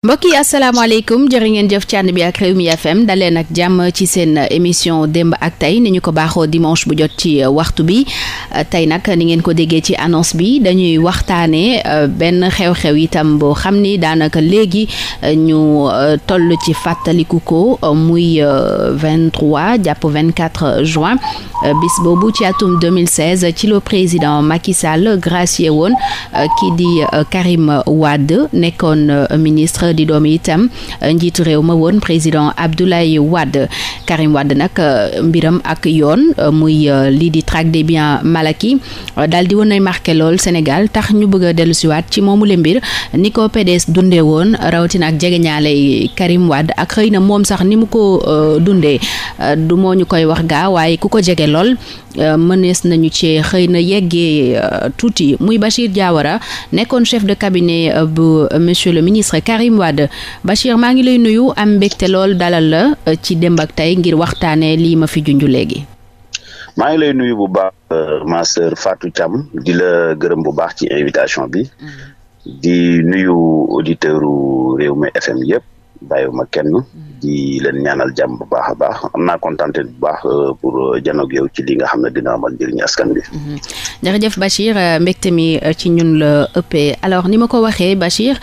mbokk yi asalaamaaleykum jërë ngeen jëf ci ànd bi ak Rewmi FM daleen ak jàmm ci seen émission démb ak tey ni ñu ko baaxoo dimanche bu jot ci euh, waxtu bi euh, tey nag ni ngeen ko déggee ci annonce bi dañuy waxtaanee euh, benn xew-xew itam boo xam ni daanaka léegi ñu toll ci fàttaliku ko muy 23 jàpp 24 juin bis boobu ci atum 2016 ci le président Macky Sall gracié woon kii di Karim Wade nekkoon ministre. di doomi itam eh, njiitu réew ma woon président Abdoulaye Wade Karim wadd nag eh, mbiram ak yoon eh, muy lii di traque des biens malaki dal di woon ay marqué lool Sénégal tax ñu bëgg a dellu siwaat ci moomu mbir ni ko PDS dundee woon rawatina ak jegeñaale Karim wadd ak xëy na moom sax ni mu ko dundee du moo ñu koy wax gaa waaye ku ko jege lool mënees nañu ci xëy na yeggee tuuti muy Bachir Diawara nekkoon chef de cabinet bu monsieur le ministre Karim Wade Bachir maa ngi lay nuyu am mbégte lool dalal la euh, ci démb ak tey ngir waxtaanee lii ma fi junj léegi. maa ngi lay nuyu bu baax euh, ma sœur Fatou Thiam di la gërëm bu baax ci invitation bi. Mm. di nuyu auditeurs réew Rewmi FM yëpp. bàyyiwuma kenn di leen ñaanal jàmm bu baax a baax am naa kontaante bu baax euh, pour euh, janoog ci li nga xam ne dina amal njëriñ askan bi. Mm-hmm. jërëjëf Bachir euh, mbégte mi ci ñun la ëpp alors ni ma ko waxee Bachir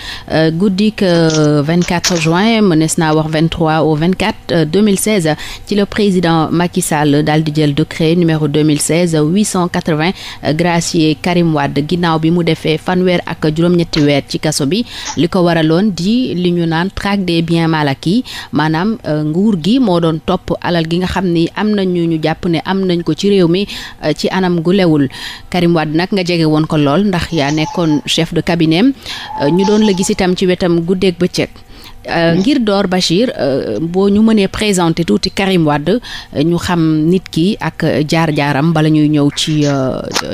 guddik 24 juin mënees naa wax 23 au 24 2016 ci le président Macky Sall daal di jël décret numéro 2016 880 gracier Karim Wade ginnaaw bi mu defee fanweer ak juróom-ñetti weer ci kaso bi li ko waraloon di li ñu naan traque des bien mal acquis maanaam euh, nguur gi moo doon topp alal gi nga xam ni am nañ ñu ñu jàpp ne am nañ ko ci réew mi euh, ci anam gu lewul Karim nag nga jege woon ko lool ndax yaa nekkoon chef de cabinet euh, ñu doon la itam ci wetam guddeeg bëccëg mm-hmm. ngir door Bachir boo ñu mënee présenter tuuti Karim Wade ñu xam nit ki ak jaar-jaaram bala ñuy ñëw ci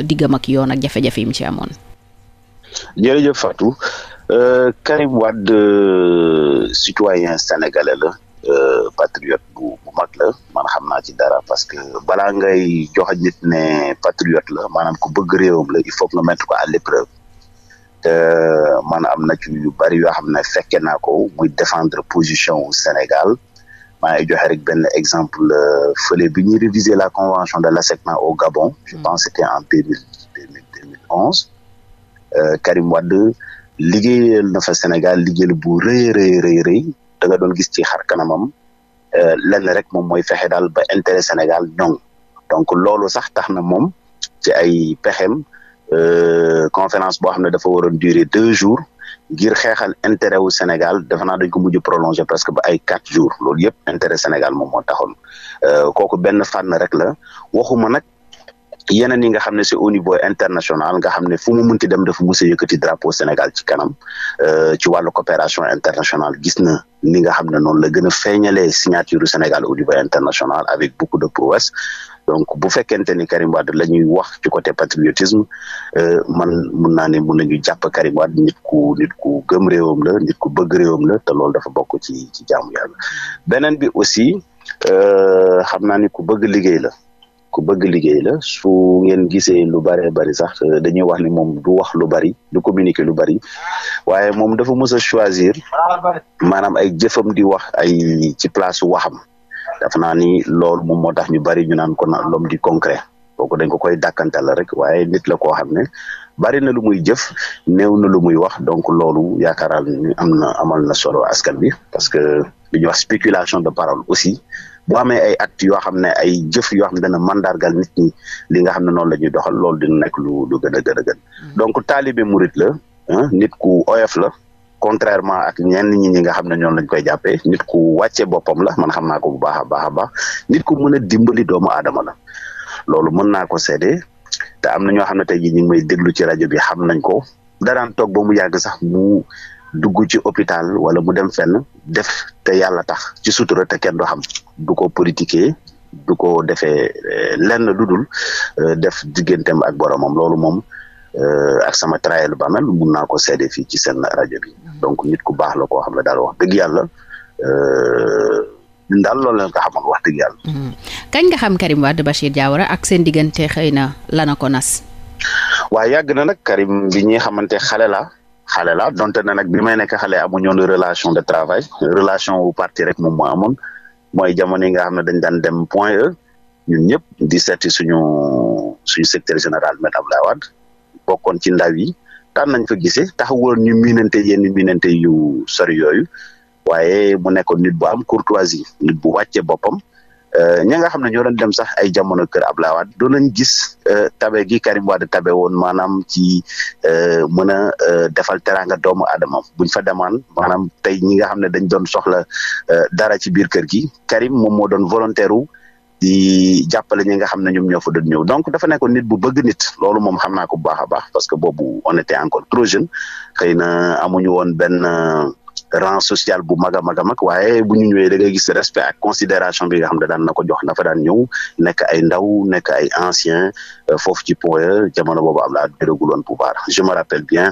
diggam ak yoon ak jafe-jafe yi mu ci amoon. Euh, Karim Wade euh, citoyen sénégalais la euh, patriote bu bu mag la man xam naa ci dara parce que balaa ngay joxe nit ne patriote la maanaam ku bëgg réewam la il faut nga mettre ko à l'épreuve man am na ci yu bari yoo xam ne fekke naa ko muy défendre position wu Sénégal maa ngi joxe rek benn exemple fële bi ñuy réviser la convention de la l'ASECNA au Gabon je hmm. pense c'était en Karim Wade liggéeyal na fa Sénégal liggéeyal bu rëy rëy rëy rëy da nga doon gis ci xar kanamam euh, lenn rek moom mooy fexe daal ba intérêt Sénégal ñoŋ donc loolu sax tax na moom ci ay pexem euh, conférence boo xam ne dafa waroon durer deux jours ngir xeexal intérêt wu Sénégal defe naa dañ ko mujj prolongé que ba ay quatre jours loolu yëpp intérêt Sénégal moom moo taxoon euh, kooku benn fànn rek la waxuma nag yeneen yi nga xam ne si au niveau international nga xam ne fu mu munti dem dafa musa yëkkati drapeau Sénégal ci kanam euh, ci wàllu coopération internationale gis na ni nga xam ne noonu la gën a feeñalee signature Sénégal au niveau international avec beaucoup de prouesses donc bu fekkente ni Karim Wade la ñuy wax ci côté patriotisme euh, man mun naa ne mun nañu jàpp Karim Wade nit ku ku gëm réewam la nit ku bëgg réewam la te loolu dafa bokk ci ci jaamu yàlla beneen bi aussi euh, xam naa ni ku bëgg liggéey la ku bëgg liggéey la su ngeen gisee lu bëree bari sax euh, dañuy wax ni moom du wax lu bëri du communiquer lu bari waaye moom dafa mës a choisir maanaam ay jëfam di wax ay ci place waxam dafa naa ni loolu moom moo tax ñu bëri ñu naan ko na l'homme du concret kooku dañ ko koy dàkkantal rek waaye nit la koo xam ne bari na lu muy jëf néew na lu muy wax donc loolu yaakaaral ni am na amal na solo askan bi parce que li ñuy wax spéculation de parole aussi bu amee ay at yoo xam ne ay jëf yoo xam ne dana mandargal nit ñi li nga xam ne noonu la ñuy doxal loolu dina nekk lu lu gën a gën gën mm. donc taalibe murit la nit ku oyof la contrairement ak ñenn ñi ñi nga xam ne ñoom lañ koy jàppee nit ku wàcce boppam la man xam naa ko bu baax a baax a baax nit ku mën a dimbali doomu aadama la loolu mën naa ko seede te am na ñoo xam ne tey jii ñu ngi may déglu ci rajo bi xam nañ ko daraan toog ba mu yàgg sax mu dugg ci hôpital wala mu dem fenn def te yàlla tax ci sutura te kenn du xam du ko politiquer du ko defee euh, lenn lu dul euh, def digganteem ak boromam loolu moom euh, ak sama traayelu bamel mun naa ko seede fii ci seen rajo bi donc nit ku baax la koo xam ne daal wax dëgg yàlla ñun daal loolu la nga xamoon wax dëgg yàlla. Hmm. kañ nga xam Karim Wade Bachir Diawara ak seen diggante xëy na lana ko nas. waa yàgg na nag Karim bi ñuy xamante xale la xale la donte na nag bi may nekk xale amuñu woon relation de travail relation wu parti rek moom moo amoon. mooy jamono yi nga xam ne dañ daan dem point E ñun ñëpp di seeti suñu suñu secteur général Me Abdoulaye Wade kon ci ndaw yi daan nañ ko gisee taxawuloon ñu miinante yenn miinante yu sori yooyu waaye mu nekkoon nit bu am courtoisie nit bu wàcce boppam Euh, ña nga xam ne ñoo doon dem sax ay jamono kër Abdoulaye Wade doon nañ gis euh, tabe gi Karim Wade tabe woon maanaam ci euh, mën a defal teraanga doomu aadama buñ fa demaan maanaam tey ñi nga xam ne dañ doon soxla dara ci biir kër gi Karim moom moo doon volontaire wu di jàppale ñi nga xam ne ñoom ñoo fa doon ñëw donc dafa nekkoon nit bu bëgg nit loolu moom xamnaa ko bu baax a baax parce que boobu on encore trop jeune xëy na amuñu woon benn. rang social bu mag a mag a mag waaye bu ñu ñëwee da ngay gis respect ak considération bi nga xam ne daan na ko jox na daan ñëw nekk ay ndaw nekk ay ancien euh, foofu ci point e, jamono boobu am laa dérégul woon pouvoir je me rappelle bien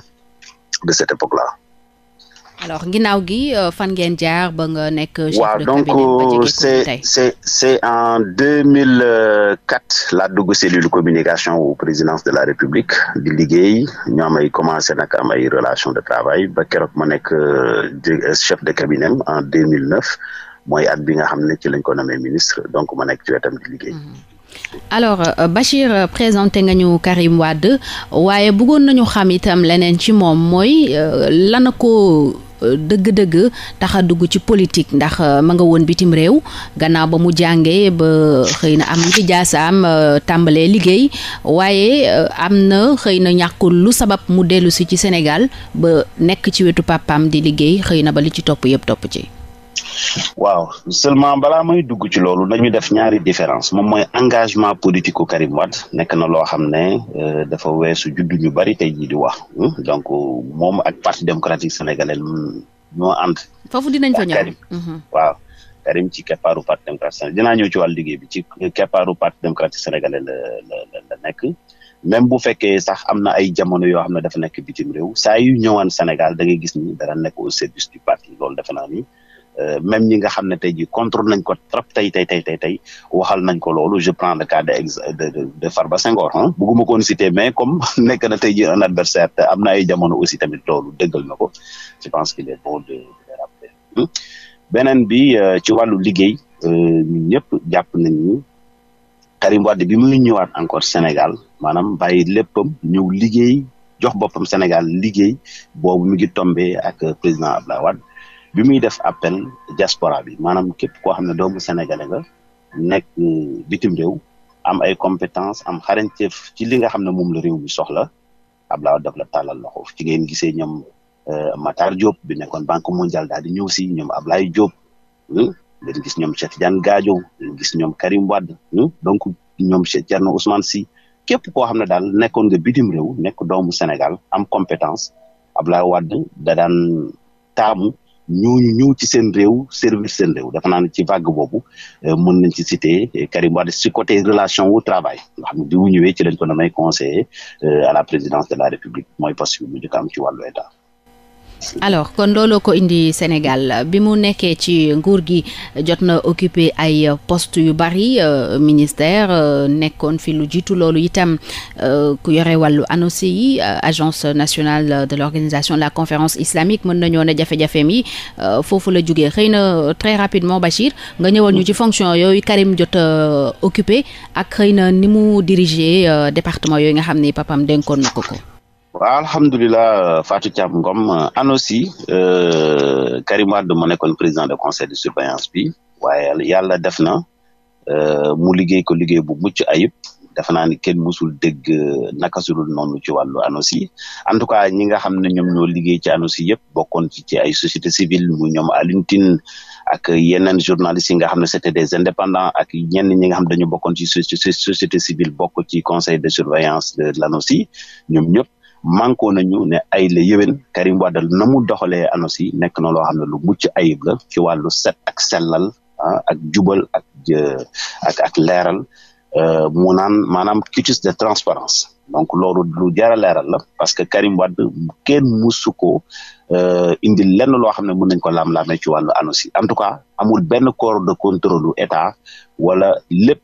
de cette époque là alors ginnaaw gi euh, fan ngeen jaar ba nga nekk. chef de cabinet waaw donc c'est c'est c'est en 2004 laa dugg cellule communication au présidence de la République di liggéey ñoo ay commencé nag am ay relation de travail ba keroog ma nekk euh, chef de cabinet en 2009 mooy at bi nga xam ne ci lañ ko nommé ministre donc ma nekk ci wetam di liggéey. Mhm. alors euh, Bachir présenté nga ñu Karim Wade waaye bëggoon nañu xam itam leneen ci moom mooy lan ko dëgg-dëgg tax dugg ci politique ndax euh, ma nga woon bitim réew gannaaw ba mu jàngee ba xëy na am ci jaasaam euh, tàmbalee liggéey waaye euh, am na xëy na ñàkkul lu sabab mu dellu si ci Sénégal ba nekk ci wetu pàppam di liggéey xëy na ba li ci topp yëpp topp ci waaw seulement balaa may dugg ci loolu nañu def ñaari différence moom mooy engagement politique Karim Wade nekk na loo xam ne euh, dafa weesu juddu ñu bari tey jii di wax hmm? donc moom ak parti démocratique sénégalais hmm, ñoo ànd. foofu dinañ fa ñëw mhm. waaw. Karim ci keppaaru parti démocratique dinaa ñëw ci wàllu liggéey bi ci keppaaru parti démocratique sénégalais la la la nekk. même bu fekkee sax am na ay jamono yoo xam ne dafa nekk bitim réew saa yu ñëwaan Sénégal da ngay gis ni dara nekk au service du parti loolu defe naa ni Euh, même ñi nga xam ne tey jii contrôle nañ ko trop tey tey tey tey tey waxal nañ ko loolu je prends de cas de de de Farba Senghor ah bugguma koon citer mais comme nekk na tey ji un adversaire te am na ay jamono aussi tamit loolu dëggal na ko je pense qu'il est bon de de rappeler hmm. beneen bi euh, ci wàllu liggéey euh, ñun ñëpp jàpp nañ ni Karim Wade bi muy ñëwaat encore Sénégal maanaam bàyyi léppam ñëw liggéey jox boppam Sénégal liggéey boobu mi ngi tombé ak président Abdoulaye Wade bi muy def appel diaspora bi maanaam képp koo xam ne doomu sénégalais na nekk bitim réew am ay compétence am xarañteef ci li nga xam ne moom la réew mi soxla Abdoulaye Wade daf la tàllal loxo ci ngeen gisee ñoom euh, Matar Diop bi nekkoon banque mondiale daal di ñëw si ñoom Ablaye Diop hmm, ngeen gis ñoom Cheikh Tidiane Gadio gis ñoom Karim Wade hmm, donc ñoom Cheikh Thierno Ousmane képp koo xam ne daal nekkoon nga bitim réew nekk doomu Sénégal am compétence Abdoulaye Wade da daan taamu ñooñu ñëw ci seen réew servir seen réew dafa naa ne ci vague boobu euh, mën nañ ci citer euh, Karim Wade si côté relation wu travail nga xam ne di wu ñëwee ci lañ ko na may conseiller euh, à la présidence de la République mooy poste bi mu njëkk am ci wàllu état alors kon looloo ko indi Sénégal bi mu nekkee ci nguur gi jot na occupé ay poste yu bari euh, ministère euh, nekkoon fi lu jiitu loolu itam euh, ku yore wàllu ANOCI yi euh, agence nationale de l'organisation de la conférence islamique mën nañoo ne jafe-jafeem yi euh, foofu la jugee xëy na euh, très rapidement Bachir nga ñëwal ñu ci fonction yooyu Karim jot occupé ak xëy na ni mu diriger département yooyu nga xam ni papam dénkoon na ko ko waa alhamdulilah Fatou caam Ngom ANOCI euh, Karim Wade ma nekkoon président de conseil de surveillance bi waaye yàlla def na euh, mu liggéey ko liggéey bu mucc ayib defe naa ni kenn musul dégg euh, naka su dul noonu ci wàllu ANOCI en tout cas ñi nga xam ne ñoom ñoo liggéey ci ANOCI yëpp bokkoon ci ci ay société civile mu ñoom Alioune Tine ak yeneen journalistes yi nga xam ne c'était des indépendants ak ñenn ñi nga xam dañu bokkoon ci société civile bokk ci conseil de surveillance de l'ANOCI ñoom ñëpp. na ñu ne ay la yéwén Karim Wade na mu doxalee ANOCI nekk na loo xam ne lu mucc ayib la ci wàllu set ak sellal ah, ak jubal ak euh, ak ak leeral euh, mu naan maanaam cutis de transparence donc loolu lu jara a leeral la parce que Karim Wade kenn musu Euh, indi lenn loo xam ne mun nañ ko laam-laamee ci wàllu ANOCI en tout cas amul benn corps de contrôle lu état wala lépp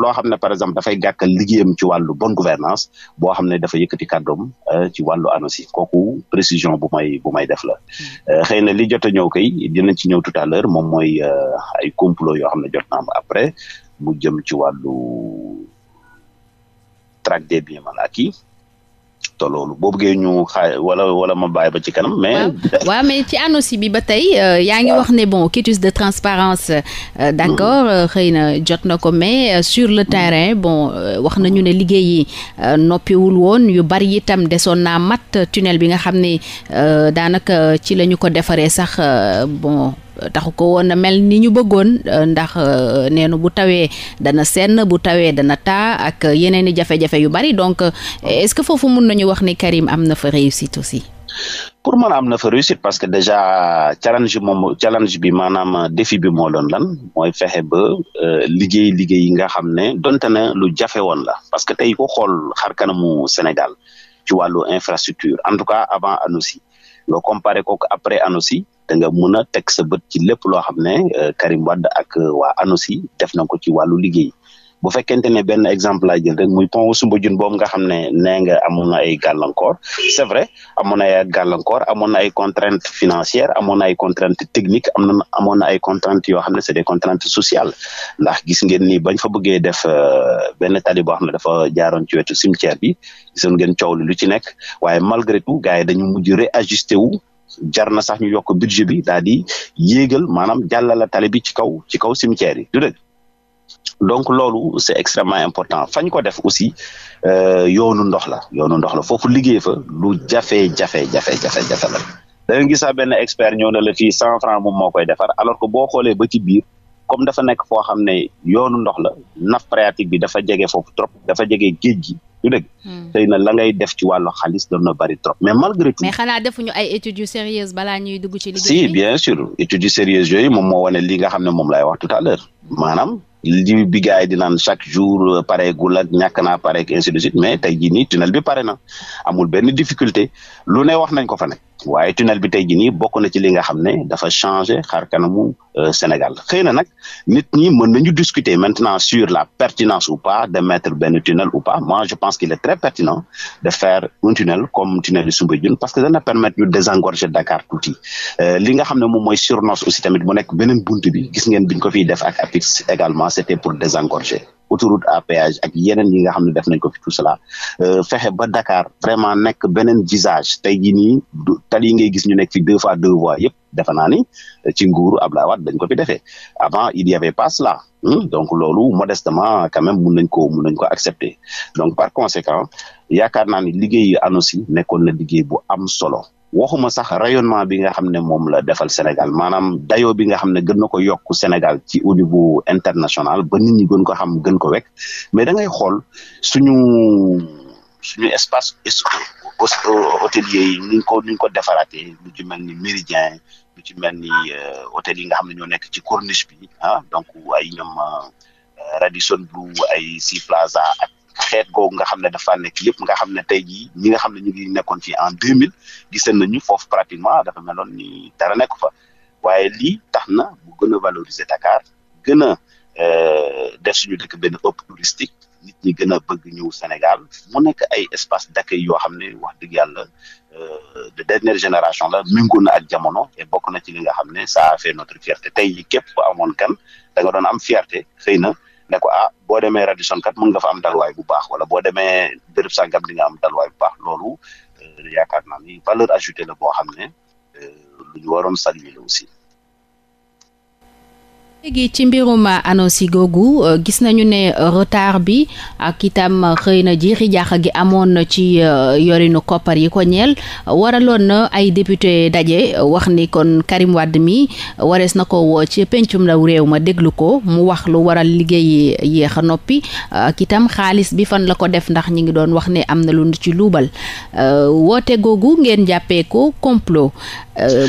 loo xam ne par exemple dafay gàkkal liggéeyam ci wàllu bonne gouvernance boo xam ne dafa yëkkati kàddoom euh, ci wàllu ANOCI kooku précision bu may bu may def la hmm. euh, xëy na li jot a ñëw kay dinañ ci ñëw tout à l'heure moom mooy ay complot yoo xam ne jot naa am après mu jëm ci wàllu traque des biens mal acquis te loolu boo bëggee ñu xaay wala wala ma bàyyi ba ci kanam. mais waaw mais ci ANOCI bi ba tey. Euh, yaa ngi wax ne bon quitus de transparence euh, d' accord mm. euh, xëy na jot na ko mais sur le mm. terrain bon wax nañu ne liggéey yi noppiwul woon yu bari itam desoon naa mat tunnel bi nga xam ne daanaka ci la ñu ko defaree sax bon. taxu ko woon mel ni ñu bëggoon euh, ndax euh, neenu bu tawee dana senn bu tawee dana taa ak yeneen i jafe-jafe yu bari donc euh, est-ce que foofu mun nañu wax ni Karim am na fa réussite aussi. pour man am na fa réussite parce que déjà challenge moom challenge bi maanaam défi bi moo doon lan mooy fexe ba liggéey liggéey yi nga xam ne donte na lu jafe woon la parce que tey ko xool xar kanamu Sénégal ci wàllu infrastructure en tout cas avant ANOCI nga comparé ko après ANOCI da nga mën a teg sa bët ci lépp loo xam ne euh, Karim Wade ak euh, waa ANOCI def na ko ci wàllu liggéey bu fekkente ne benn exemple laa jël rek muy pont Soumbédioune boobu nga xam ne nee nga amoon ay gàllankoor c'est vrai amoon na ay gàllankoor amoon na ay contraintes financières amoon na ay contraintes techniques am na amoon na ay contraintes yoo xam ne c'est des contraintes sociales ndax gis ngeen ni bañ fa bëggee def euh, benn tali boo xam ne dafa jaaroon ci wetu cimetière bi gisoon ngeen coow li lu ci nekk waaye malgré tout gars yi dañu mujj réajusté wu. jar na sax ñu yokk budget bi daal di yéegal maanaam jàllale tali bi ci kaw ci kaw cimetière yi du dëgg donc loolu c'est extrêmement important fañ ko def aussi euh, yoonu ndox la yoonu ndox la foofu liggéey fa lu jafe-jafe jafe-jafe jafe la da nga gis sax benn expert ñëw na la fii cent franc moom moo koy defar alors que boo xoolee ba ci biir comme dafa nekk foo xam ne yoonu ndox la nappe phréatique bi dafa jege foofu trop dafa jege géej gi du dëgg. Hmm. xëy na la ngay def ci wàllu xaalis na bari trop mais malgré tout. mais xanaa defuñu ay études yu bala balaa ñuy dugg ci liggéey. si bien sûr études yu sérieuses yooyu moom moo wane li nga xam ne moom laay wax tout à l'heure hmm. maanaam li bi gars yi di naan chaque jour euh, pareegul ak ñàkk naa pareeg ainsi de suite mais tey jii nii tunnel bi pare na amul benn difficulté lu ne wax nañ ko fa ne waaye tunnel bi tey jii nii bokk na ci li nga xam ne dafa changé xar kanamu euh, Sénégal xëy na nag nit ñi mën nañu discuter maintenant sur la pertinence ou pas de mettre benn tunnel ou pas moi je pense qu'il est très pertinent de faire un tunnel comme tunnel de Soumbédioune parce que dana permettre ñu désengorger Dakar tuuti euh, li nga xam ne moom mooy surnos aussi tamit mu nekk beneen bunt bi gis ngeen biñ ko fi def ak APIX également c'était pour désengorger autoroute à péage ak yeneen yi nga xam ne def nañ ko fi tout cela euh, fexe ba Dakar vraiment nekk beneen visage tey jii nii tali yi ngay gis ñu nekk ci deux fois deux voies yëpp defe naa ni euh, ci nguuru Abdoulaye Wade dañ ko fi defee avant il y avait pas cela hmm? donc loolu modestement quand même mun nañ ko mun nañ ko accepter donc par conséquent yaakaar naa ni liggéey ANOCI nekkoon na liggéey bu am solo waxuma sax rayonnement bi nga xam ne moom la defal Sénégal maanam dayo bi nga xam ne gën na ko yokk Sénégal ci au niveau international ba nit ñi gën ko xam gën ko wekk mais da ngay xool suñu suñu espace hôtelier yi ni ñu ko ni ñu ko defaraatee lu ci mel ni méridien lu ci mel ni euh, hôtel yi nga xam ne ñoo nekk ci corniche bi ah donc ay ñoom euh, Radisson Blu ay Sea Plaza ak xeet googu nga xam ne dafa nekk yëpp nga xam ne tey jii ñi nga xam ne ñu ngi nekkoon fii en deux mille giseen ñu foofu pratiquement dafa meloon ni dara nekk fa waaye lii tax na bu gën a Dakar gën a euh, def suñu dëkk benn ëpp touristique nit ñi gën a bëgg ñëw Sénégal mu nekk ay espace d'accueil yoo xam ne wax dëgg yàlla euh, de dernière génération la méngoo na ak jamono et bokk na ci li nga xam ne ça a fait notre tey yi képp amoon kan da nga doon am fierté xëy na ne ko ah boo demee Radisson kat mën nga fa am dalwaay bu baax wala boo demee béréb sàngam di nga am dalwaay bu baax loolu euh, yaakaar naa ni valeur ajoutée la boo xam ne euh, lu ñu waroon saluer la aussi léegi ci mbirum annonce googu euh, gis nañu ne euh, retard bi ak itam xëy na jiixi jaaxa gi amoon na ci euh, yorinu koppar yi ko ñeel waraloon na ay député daje wax ni kon Karim wàdd mi warees na ko woo ci pencum ndaw réew ma déglu ko mu wax lu waral liggéey yéex a noppi ak itam xaalis bi fan la ko def ndax ñi ngi doon wax ne am na lu ci luubal woote googu ngeen jàppee ko complot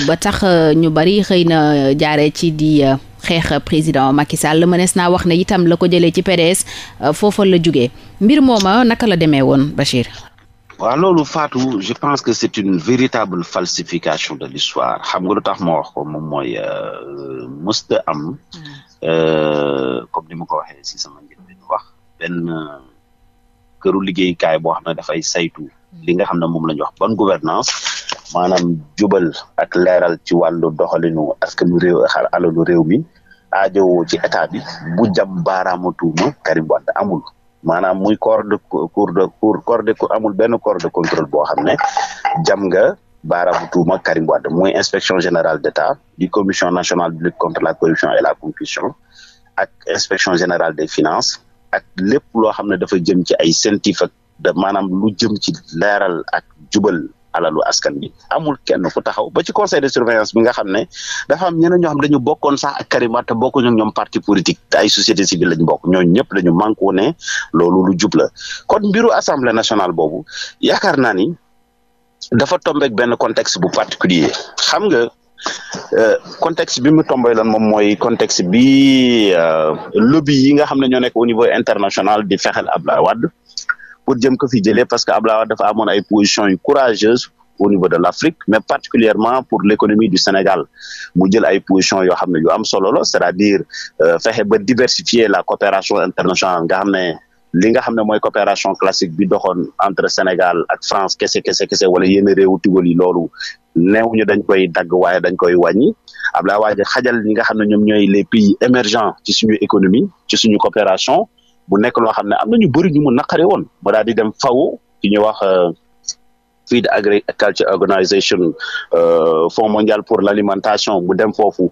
ba tax ñu bari xëy na jaare ci di. xeex président Macky Sall mënees naa wax ne itam la ko jëlee ci PDS euh, foofa la jóge mbir mooma naka la demee woon Bachir. waaw loolu faatu je pense que c'est une véritable falsification de l'histoire xam nga lu tax moo wax ko moom mooy euh, musta am hmm. euh, comme ni ma ko waxee si sama njëriñ bi wax benn këru liggéeykaay boo xam ne dafay saytu hmm. li nga xam ne moom la ñu wax bonne gouvernance maanaam jubal ak leeral ci wàllu doxalinu askanu réew xar alalu réew mi aajowoo ci état bi bu jam baaraamu tuuma Karim Wade amul maanaam muy corps de cour de cour corps amul benn corps de boo xam ne jam nga baaraamu tuuma Karim Wade muy inspection générale d'état du commission nationale de lutte contre la corruption et la concussion ak inspection général des finance ak lépp loo xam ne dafa jëm ci ay sentif ak maanaam lu jëm ci leeral ak jubal alalu askan bi amul kenn ku taxaw ba ci conseil de surveillance bi nga xam ne dafa am ñeneen ñoo xam dañu bokkoon sax ak Karim Wade te ñoom parti politique ay société civile lañ bokk ñooñu ñëpp dañu manku ne loolu lu jub la kon mbiru assemblée nationale boobu yaakaar naa ni dafa tombeek benn contexte bu particulier xam nga Uh, contexte bi mu tombé loon moom mooy contexte bi uh, lobby yi nga xam ne ñoo nekk au niveau international di fexeel Abdoulaye Wade pour jëm ko fi jëlee parce que Abdoulaye Wade dafa amoon ay positions yu courageuses au niveau de l'Afrique mais particulièrement pour l'économie du Sénégal mu jël ay positions yoo xam ne yu am solo la c'est-à-dire euh, fexe ba diversifier la coopération internationale nga xam ne li nga xam ne mooy coopération classique bi doxoon entre Sénégal ak France kese kese kese wala yenn réewu tugal yi loolu neewuñu dañ koy dagg waaye dañ koy wàññi Abdoulaye Wade xajal ñi nga xam ne ñoom ñooy les pays émergents ci suñu économie ci suñu coopération mu nekk loo xam ne am na ñu bëri ñu mu naqare woon ba daal di dem faw ci ñuy wax euh, Feed Agriculture Organisation euh, Fonds mondial pour l'alimentation mu dem foofu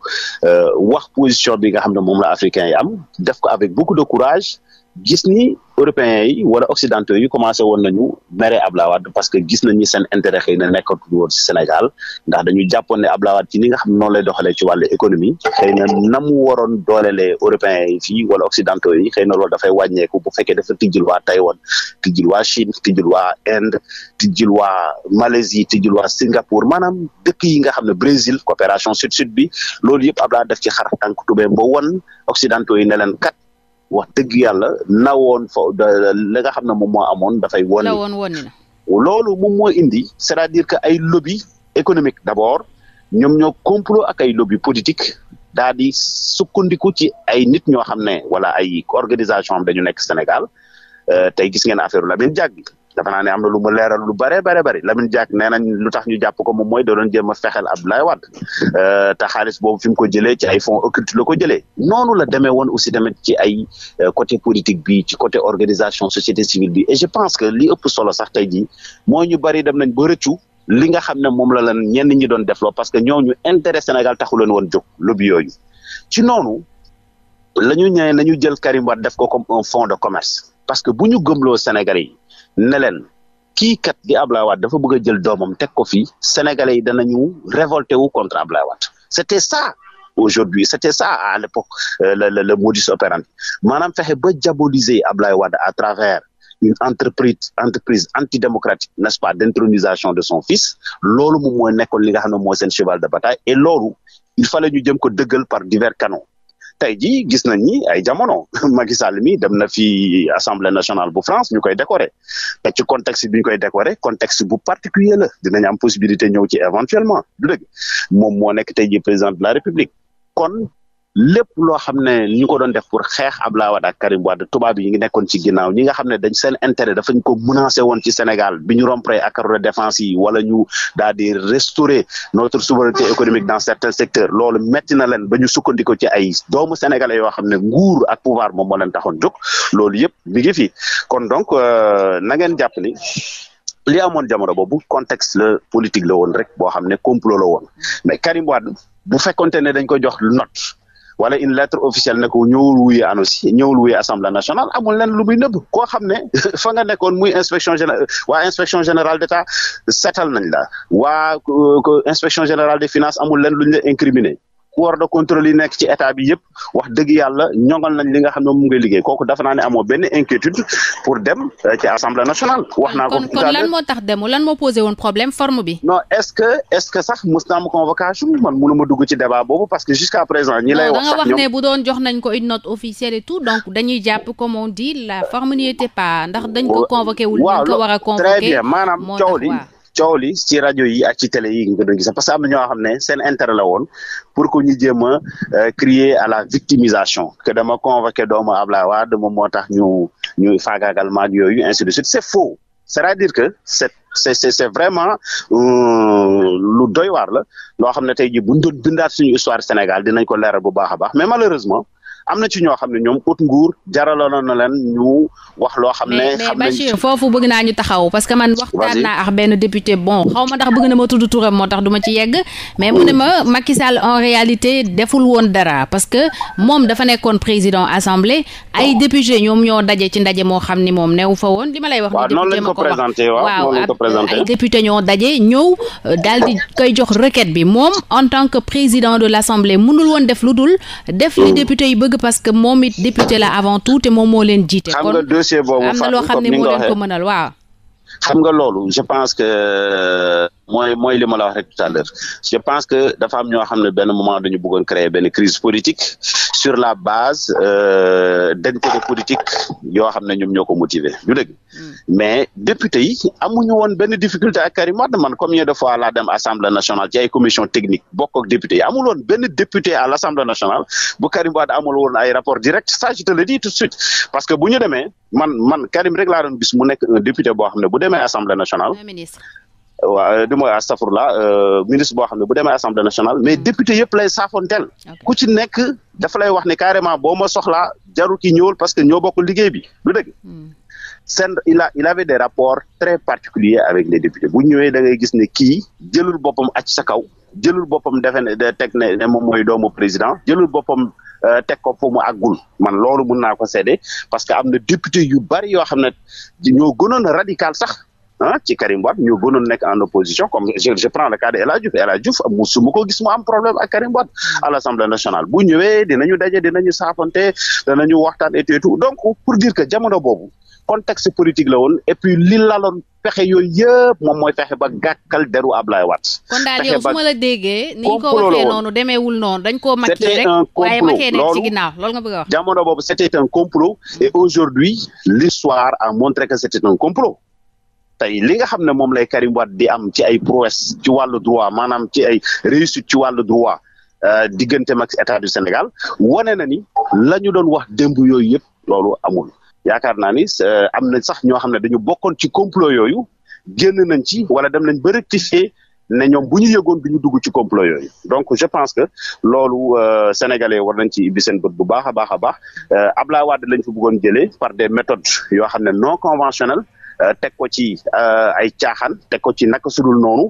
euh, wax position bi nga xam ne moom la africain yi am def ko avec beaucoup de courage gis ni européens yi wala occidentaux yi commencé woon nañu mere Abdoulaye Wade parce que gis ñu seen intérêt xëy na nekkatul woon ci Sénégal ndax dañu jàppoon ne Abdoulaye Wade ci ni nga xam noonu lay doxalee ci wàllu économie xëy na na mu waroon doolelee européens yi fii wala occidentaux yi xëy na lool dafay wàññeeku bu fekkee dafa tijjul waa Taïwan tijjul wa Chine tijjul waa Inde tijjul waa Malaisie tijjul waa Singapour maanaam dëkk yi nga xam ne Brésil coopération sud-sud bi loolu yëpp Abdoulaye daf ci xar tànk tubéem ba won occidentaux yi ne leen kat wax dëgg yàlla nawoon fa la nga xam ne moom moo amoon dafay won loolu moom moo indi c'est-à-dire que ay lobby économique d'abord ñoom ñoo complot ak ay lobby politique daal di sukkandiku ci ay nit ñoo xam ne wala ay organisation am dañu nekk Sénégal euh, tey gis ngeen affaire Lamine Diack bi dafa naa ne am na lu mu leeral lu bare bare bëri Lamine Diack nee nañ lu tax ñu jàpp ko moom mooy da doon jéem a fexeel Abdoulaye Wade euh, te xaalis boobu fi mu ko jëlee ci ay fonds occultes loo ko jëlee noonu la demee woon aussi tamit ci ay euh, côté politique bi ci côté organisation société civile bi et je pense que li ëpp solo sax tey jii mooy ñu bari dem nañ ba rëccu li nga xam ne moom la lan ñenn ñi doon def defloo parce que ñooñu intérêt Sénégal taxu leen woon jóg lobby yooyu ci noonu la ñu ñëwee la ñu jël Karim def ko comme un fonds de commerce parce que bu ñu gëmloo Sénégalais yi ne leen kii kat di Ablaye Wade dafa bëgg a jël doomam teg ko fii sénégalais yi danañu révolté wu contre Ablaye Wade c'était ça aujourd'hui c'était ça à l'époque euh, le, le, le modus operandi maanaam fexe ba diaboliser Ablaye Wade à travers une entreprise entreprise antidémocratique n'est-ce pas d'intronisation de son fils loolu moom mooy nekkoon li nga xam ne mooy seen cheval de bataille et loolu il fallait ñu jëm ko dëggal par divers canaux tey jii gis nañ ni ay jamono Macky Sall mi dem na fi assemblée nationale bu France ñu koy décorer te ci contexte bi ñu koy décorer contexte bu particulier la dinañ am possibilité ñëw ci éventuellement du dëgg moom moo nekk tey jii président de la république lépp loo xam ne ñu ko doon def pour xeex Abdoulaye Wade ak Karim Wade tubaab yi ngi nekkoon ci ginnaaw ñi nga xam dañ seen intérêt dafañ ko menacé woon ci Sénégal bi rompre accord de défense wala ñu daal restaurer notre souveraineté économique dans certains secteurs loolu metti leen ba ñu sukkandiku ci ay doomu sénégalais yoo xam ne nguur ak pouvoir moom moo leen taxoon jóg loolu yëpp mi ngi kon donc euh, na ngeen jàpp ni li amoon jamono boobu contexte la politique la woon rek boo xam ne complot woon mais Karim Wade wala une lettre officielle ne ko ñëwul wuyu ANOCI ñëwul wuyu assemblée nationale amul leen lu muy nëbb koo xam ne fa nga nekkoon muy inspection générale waa inspection générale d'État setal nañ la waa euh, inspection générale des finances amul leen lu ñu la incriminé corps de nekk ci état bi yëpp wax dëgg yàlla ñoŋal nañ li nga xam ne mu liggéey kooku dafa naa ne amoo benn inquiétude pour dem euh, ci assemblée nationale. kon lan moo tax demul lan moo posé woon problème forme bi. non est ce que sax mos naa ma convocation man mënu ma dugg ci débat boobu parce que jusqu' présent. ñi lay wax sax ñoom bu doon jox nañ ko une officielle et tout donc dañuy jàpp comme on dit la forme n'était pas ndax dañ ko convoqué wul. dañ a coow li ci rajo yi ak ci télé yi nga doon gis parce que ñoo xam ne seen intérêt la woon pour que ñu jéem a euh, crier à la victimisation que dama convoqué doomu abla Wade moom moo tax ñu ñu faagaagal maag yooyu ainsi de suite c'est faux c'est-à-dire que c'est c'est c'est vraiment euh, lu doy waar la loo xam ne tey jii buñ doon bindaat suñu histoire Sénégal dinañ ko leeral bu baax a baax mais malheureusement am na ci ñoo xam ne ñoom ut nguur jaraloon leen ñu wax loo xam ne. xam nañ ci foofu bëgg naa ñu taxaw parce que man. waxtaan naa ak benn député bon xaw ma ndax bëgg na ma tudd turam moo tax du ma ci yegg. mais mu ma Macky Sall en réalité woon dara parce que moom dafa nekkoon président assemblée ay député ñoom ñoo ci ndaje moo xam ni moom newu fa woon li ma lay wax. waaw noonu lañ ko présenté waaw ay député ñoo daje ñëw euh, daal di koy jox requête bi moom en tant que président de l'assemblée mënul woon def lu dul def li hmm. député yi bëgg parce que moom it député la avant tout te moom moo leen jiite. xam nga dossier boobu am na loo xam ne xam nga loolu je pense que. Euh, mooy mooy li ma la wax rek tout à je pense que dafa am ñoo xam ne benn moment dañu bëggoon créer benn crise politique sur la base euh, d'intérêt politique yoo xam ne ñoom ñoo ko motiver ñu dëgg mm. mais député yi amuñu woon benn difficulté a Karim Wade man combien de fois laa dem assemblée nationale ci ay commission technique bokk ak député yi amul woon benn député à l'assemblée nationale bu Karim Wade amul woon ay rapport direct ça je te tout de suite parce que bu ñu demee man man Karim rek laa doon gis mu nekk un boo xam ne bu demee assemblée nationale waa euh, du mooy astafurla euh, ministre boo xam ne bu demee assemblée nationale mais mm. député yëpp lay saafonteel ku ci nekk dafa lay wax ne carrément boo ma soxla jarul ki ñëwul parce que ñoo bokk liggéey bi lu dëgg mm. seen il a il avait des rapports très particuliers avec les députés bu ñëwee da ngay gis ne kii jëlul boppam acc sa kaw jëlul boppam defe ne teg ne moom mooy doomu président jëlul boppam euh, teg ko fu mu àggul man loolu mun naa ko seede parce que am na député yu bari yoo xam ne ñoo gënoon radical sax ah ci Karim Wade ñoo nekk en opposition comme je je prends le cas de El Hadj Diouf El Hadj Diouf musu ma ko gis mu am problème ak Karim Wade à l' assemblée nationale bu ñëwee dinañu daje dinañu saafante danañu waxtaan et tout donc pour dire que jamono boobu contexte politique la woon et puis li laloon fexe yooyu yëpp moom mooy fexe ba gàkkal deru Ablaye Wade. kon daal yow su ma la déggee. ni ñu ko waxee noonu demeewul noonu dañ koo makki rek waaye makkee nekk ci ginnaaw nga bëgg a wax. jamono boobu c' était un complot et aujourd'hui l'histoire a montré que c' tey li nga xam ne moom lay Karim Wade di am ci ay prouesse ci wàllu droit maanaam ci ay réussite ci wàllu droit euh, digganteem ak état du Sénégal wane na ni la ñu doon wax démb yooyu yëpp loolu amul yaakaar naa ni euh, am na sax ñoo xam ne dañu bokkoon ci complot yooyu génn nañ ci wala dem nañ ba rectifier ne ñoom bu ñu yëgoon bu ñu dugg ci complot yooyu donc je pense que loolu euh, sénégalais war nañ ci ibbi seen bët bu baax a baax a baax Abdoulaye Wade lañ fi bëggoon jëlee par des méthodes yoo xam ne non conventionnelles Euh, teg ko ci euh, ay caaxaan tek ko ci naka sudul noonu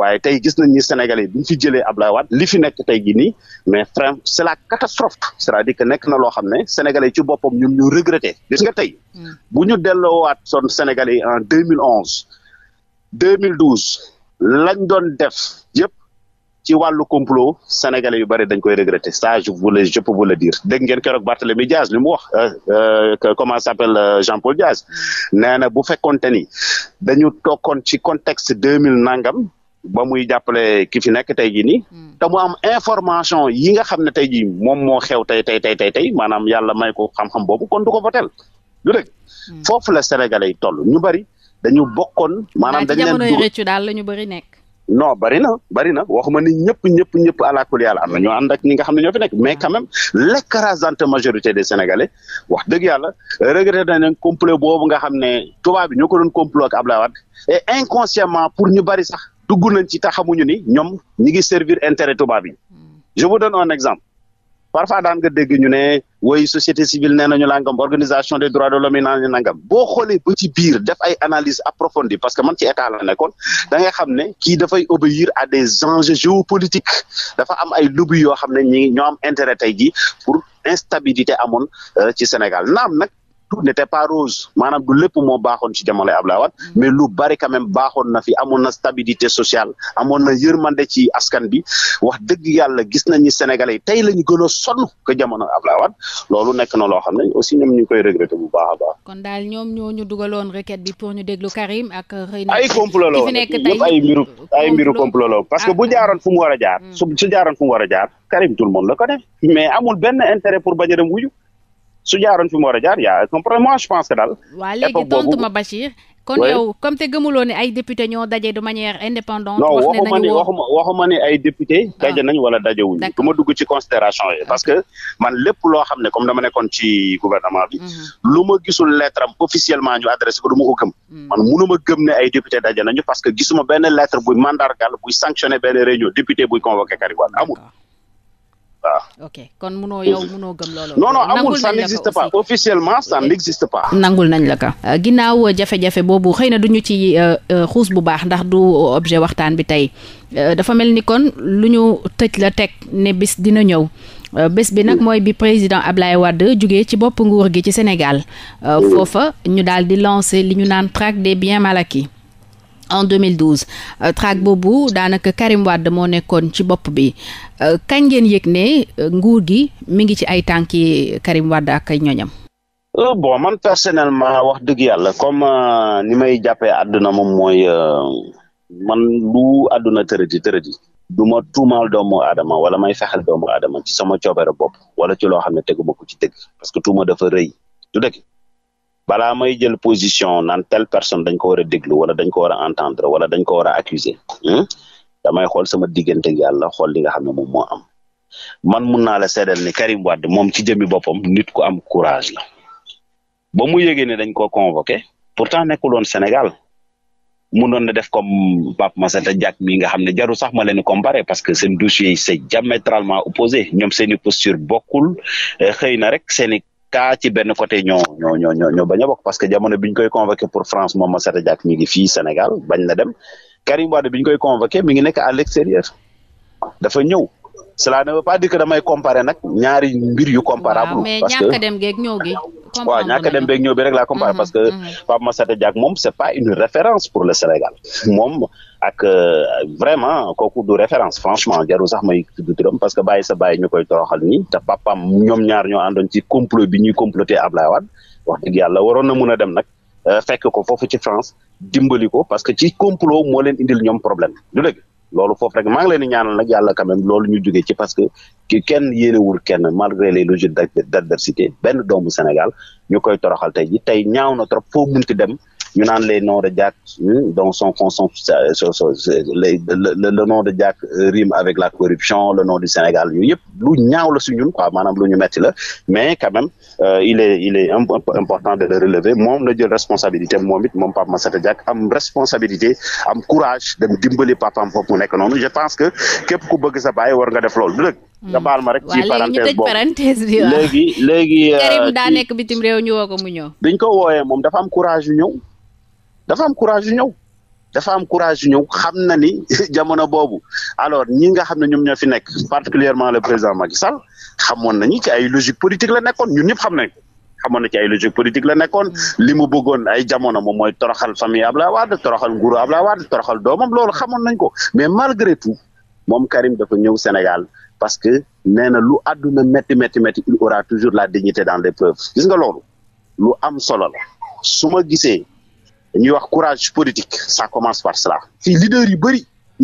waaye tey gis nañ ñi Sénégalais bi ñu fi jëlee Abdoulaye Wade li fi nekk tey jii nii mais vraiment c'est la catastrophe c'est-à-dire que nekk na loo xam ne Sénégalais ci boppam ñun ñu regretté gis nga tey. Hmm. bu ñu waat son Sénégalais en mille 2011 2012 lañ doon def. ci wàllu complot sénégalais yu bari dañ koy regretter ça je vous le je peux vous le dire dégg ngeen keroog Barthélémy Diaz li mu wax euh, euh, comment s'appelle euh, Jean-Paul Diaz nee na bu fekkoonte ni dañu tokkoon ci contexte deux mille nangam ba muy jàppale ki fi nekk tey jii nii. Hmm. mu am information yi nga xam ne tey ji moom moo xew tey tey tey tey tey maanaam yàlla may ko xam-xam boobu kon du ko votel du dëgg. Hmm. foofu la sénégalais yi tol ñu bëri dañu bokkoon. maanaam dañu nekk. non bari na bari na waxuma ni ñëpp ñëpp ñëpp àlakul yàlla am na ñoo ànd ak ñi nga xam ne ñoo fi nekk mais quand même l'écrasante majorité des sénégalais wax dëgg yàlla regretté nañ complot boobu nga xam ne tubaab bi ñoo ko doon complot ak Abdoulaye Wade et inconsciemment pour ñu bari sax dugg nañ ci taxamuñu ni ñoom ñi ngi servir intérêt tubaab yi je vous donne un exemple parfois daan nga dégg ñu ne woy société civile nee nañu nangam organisation des droits de l'homme yi naan nangam boo xoolee ba ci biir def ay analyse approfondie parce que man ci état la nekkoon da ngay xam ne kii dafay obéir à des enjeux géopolitiques dafa am ay lobby yoo xam ne ñi ñoo am intérêt tey jii pour instabilité amoon euh, ci Sénégal naam nag tout n'était pas rose maanaam du lépp moo baaxoon ci jamonoy Abdoulaye Wade mm-hmm. mais lu bari quand même na fi amoon na stabilité sociale amoon na yërmande ci askan bi wax dëgg yàlla gis nañu Sénégalais tey la ñu gën a sonn que jamono Abdoulaye Wade loolu nekk na loo xam ne aussi ñoom ñu koy regretter bu baax a baax. kon daal ñoom ñoo ñu dugaloon requête bi pour ñu déglu Karim ak. xëy na ay complot ay mbiru ay mbiru complot la parce que bu ah. jaaroon fu war a jaar. su mm. su jaaroon fu mu war a jaar Karim tout le monde la ko a dem wuyu su jaaroon fi mu war a jaar yaa un problème moi je pense que daal. waa léegi tontu ma Bachir. kon yow comme te gëmuloo ne ay député ñoo daje de manière indépendante. wax waxuma ni ay député. Ah. daje nañ wala daje wuñu. du ma dugg ci considération yi. parce que man lépp loo xam ne comme dama nekkoon ci gouvernement bi. Mhm. lu ma gisul lettre am officiellement ñu adressé ko du ma ko gëm. Mhm. man munu ma gëm ne ay député daje nañu parce que gisuma benn lettre buy mandargal waaw. kon munoo yow munoo gëm loolu. non amul ça n'existe pas officiellement nangul nañ la ka euh, ginnaaw euh, jafe-jafe boobu xëy na du ñu ci euh, xuus bu baax ndax du objet waxtaan bi tey dafa mel ni kon lu ñu tëj la teg ne bis dina ñëw. bés bi nag mm. mooy bi président Ablaye wadd jugee ci bopp nguur gi ci Sénégal. Mm. foofa ñu daal di lancer li ñu naan traque de bien mal en 2012 euh, track boobu daanaka Karim Wade moo nekkoon ci bopp bi euh, kañ ngeen yëg ne euh, nguur gi mi ngi ci ay tànki Karim Wade ak ay ñoñam bon man ma wax dëgg yàlla comme ni may jàppee adduna moom mooy man lu àdduna tërëti tërëti du ma tuumaal doomu aadama wala may fexel doomu aadama ci sama coobere bopp wala ci loo xam ne teguma ko ci dëgg parce que tuuma dafa rëy du dëgg balaa may jël position naan telle personne dañ ko war a déglu wala dañ ko war a entendre wala dañ ko war a accuser hmm? damay xool sama diggante ak yàlla xool li nga xam ne moom moo am man mun naa la seedal ni Karim Wade moom ci jëmmi boppam nit ku am courage la ba mu yëgee ne dañ ko pour pourtant nekkul woon Sénégal mun doon na def comme Pape Massata Diack mi nga xam ne jarul sax ma leen comparé parce que seen dossier yi c'est diamétralement opposé ñoom seen i posture bokkul eh, xëy na rek seen ka ci benn côté ñoo ñoo ñoo ñoo ñoo bañ a bokk parce que jamono bi ñu koy convoqué pour France moom Massata Diack mi ngi fii Sénégal bañ na dem Karim Wade bi ñu koy convoqué mi ngi nekk à l'extérieur dafa ñëw cela ne veut pas dire que damay comparer nag ñaari mbir yu comparable parce que waaw mais ñàkk dem geeg ñëw gi. ñëw bi rek laa comparer parce que Pape Massata Diack moom c'est pas une référence pour le Sénégal moom ak euh, vraiment kooku du référence franchement jarul sax may tudd parce que bàyyi sa baay ñu koy toroxal nii te papam ñoom ñaar ñoo àndoon ci complot bi ñuy comploter Ablaye Wade wax dëgg yàlla waroon na mun a dem nag euh, fekk ko foofu ci France dimbali ko parce que ci complot moo leen indil ñoom problème du dëgg loolu foofu rek maa ngi leen di ñaanal nag yàlla quand même loolu ñu jógee ci parce que ki kenn yéenewul kenn malgré les logiques d'adversité benn doomu Sénégal ñu koy toroxal tey ji tey ñaaw na trop foo munti dem ñu naan les noms de Diack hmm, donc son son le nom de Diack euh, rime avec la corruption le nom du Sénégal yooyu yëpp lu ñaaw la si ñun quoi maanaam lu ñu metti la mais quand même euh, il est il est un important de le relever moom la jël responsabilité moom it moom Pape Massata Diack am responsabilité am courage dem dimbali papaam foofu mu nekk noonu je pense que képp ku bëgg sa baay war nga def lool du dëgg hmm. nga baal ma rek ci parenthèse boobu léegi léegi euh, Karim daa nekk bitim réew ñu woo ko mu ñëw biñ ko wooyee moom dafa am courage ñëw dafa am courage u ñëw dafa am courage u ñëw xam na ni jamono boobu alors ñi nga xam ne ñoom ñoo fi nekk particulièrement le président Macky Sall xamoon nañu ci ay logique politique la nekkoon ñun ñëpp xam nañ ko xamoon na ci ay logique politique la nekkoon mm. li bugon bëggoon ay jamono moom mooy toroxal famille Abdoulaye Wade toroxal nguuru Abdoulaye Wade toroxal doomam loolu xamoon nañ ko mais malgré tout moom Karim dafa ñëw Sénégal parce que nee na lu àdduna métti métti métti il aura toujours la dignité dans l'épreuve gis nga loolu lu am solo la su gisee ñuy wax courage politique ça commence par cela fii leader yu bëri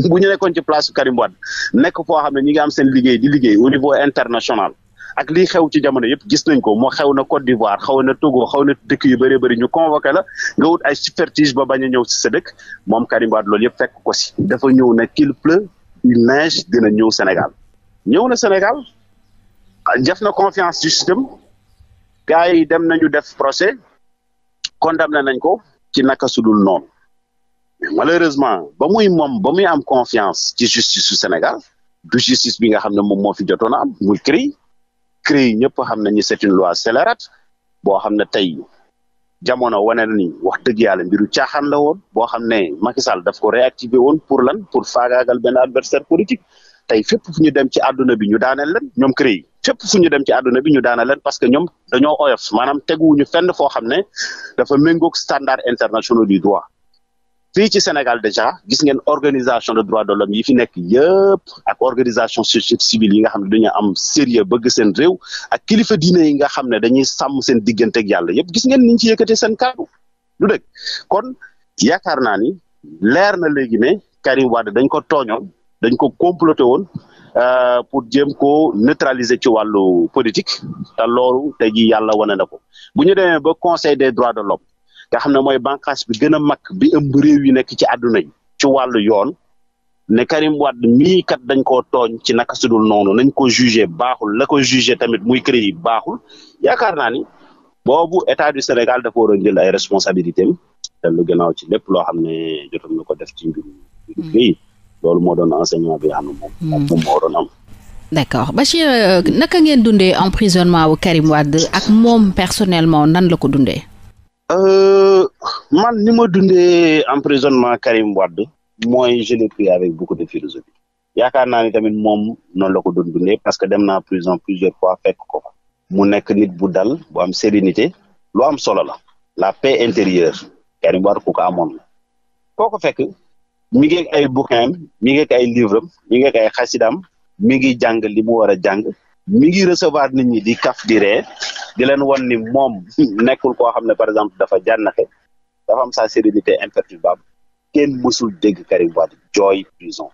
bu ñu nekkoon ci place su Karim Wade nekk foo xam ne ñi ngi am seen liggéey di liggéey au niveau international ak lii xew ci jamono yëpp gis nañ ko moo xew na Côte d'Ivoire xew na Togo xew na dëkk yi bëree bëri ñu convoqué la nga wut ay subterfuge ba bañ a ñëw si sa dëkk moom Karim Wade loolu yëpp fekk ko si dafa ñëw na qu'il pleut il neige dina ñëw Sénégal ñëw na Sénégal def na confiance du système gars dem nañu def procès condamné nañ ko ci naka sudul noonu mais malheureusement ba muy moom ba muy am confiance ci justice su Sénégal du justice bi nga xam ne moom moo fi jotoon a am muy CREI CREI ñëpp xam nañu c'est une loi scélérate boo xam ne tey jamono wane na ni wax dëgg yàlla mbiru caaxaan la woon boo xam ne Macky Sall daf ko réactiver woon pour lan pour faagaagal benn adversaire politique tey fépp fu ñu dem ci àdduna bi ñu daaneel leen ñoom CREI yi fépp fu ñu dem ci àdduna bi ñu daaneel leen parce que ñoom dañoo oyof maanaam ñu fenn foo xam ne dafa méngoog standard international du droit fii ci Sénégal déjà gis ngeen organisation de droits de l'homme yi fi nekk yëpp ak organisation société civile yi nga xam ne dañoo am sérieux bëgg seen réew ak kilifa diine yi nga xam ne dañuy sàmm seen digganteeg yàlla yëpp gis ngeen ni ñu ci yëkkatee seen kàddu du dëgg kon yaakaar naa ni leer na léegi ne Karim Wade dañ ko tooñoon dañ ko comploté woon euh, pour jéem ko neutraliser ci wàllu politique te loolu tey jii yàlla wane na ko bu ñu demee ba conseil des droits de l'homme nga xam ne mooy bànqaas bi gën a mag bi ëmb réew yi nekk ci àdduna yi ci wàllu yoon ne Karim Wade mii kat dañ ko tooñ ci naka sudul noonu nañ ko jugé baaxul la ko jugé tamit muy crédit baaxul yaakaar naa ni boobu état du Sénégal dafa waroon jël ay responsabilités am te lu gannaaw ci lépp loo xam ne jotoon na ko def ci mbiru. Hmm. loolu moo doon enseignement bi nga xam ne moom hmm. moom moo doon am d' accord Bachir euh, naka ngeen dundee emprisonnement wu Karim Wade ak moom personnellement nan la ko dundee euh, man ni ma dundee emprisonnement Karim Wade mooy je l'ai pris avec beaucoup de philosophie yaakaar naa ni tamit moom noonu la ko doon dundee parce que dem naa prison plusieurs fois fekk ko mu nekk nit bu dal bu am sérénité lu am solo la la paix intérieur Karim Wade ku ko amoon la mi ngi ay bouquin mi ngi ak ay livre mi ngi ay xasidam mi ngi jàng li mu war a jàng mi ngi recevoir nit ñi di kaf di ree di leen won ni moom nekkul koo xam ne par exemple dafa jànnaxe dafa am sa sérénité imperturbable kenn mësul dëgg Karim Wade jooy prison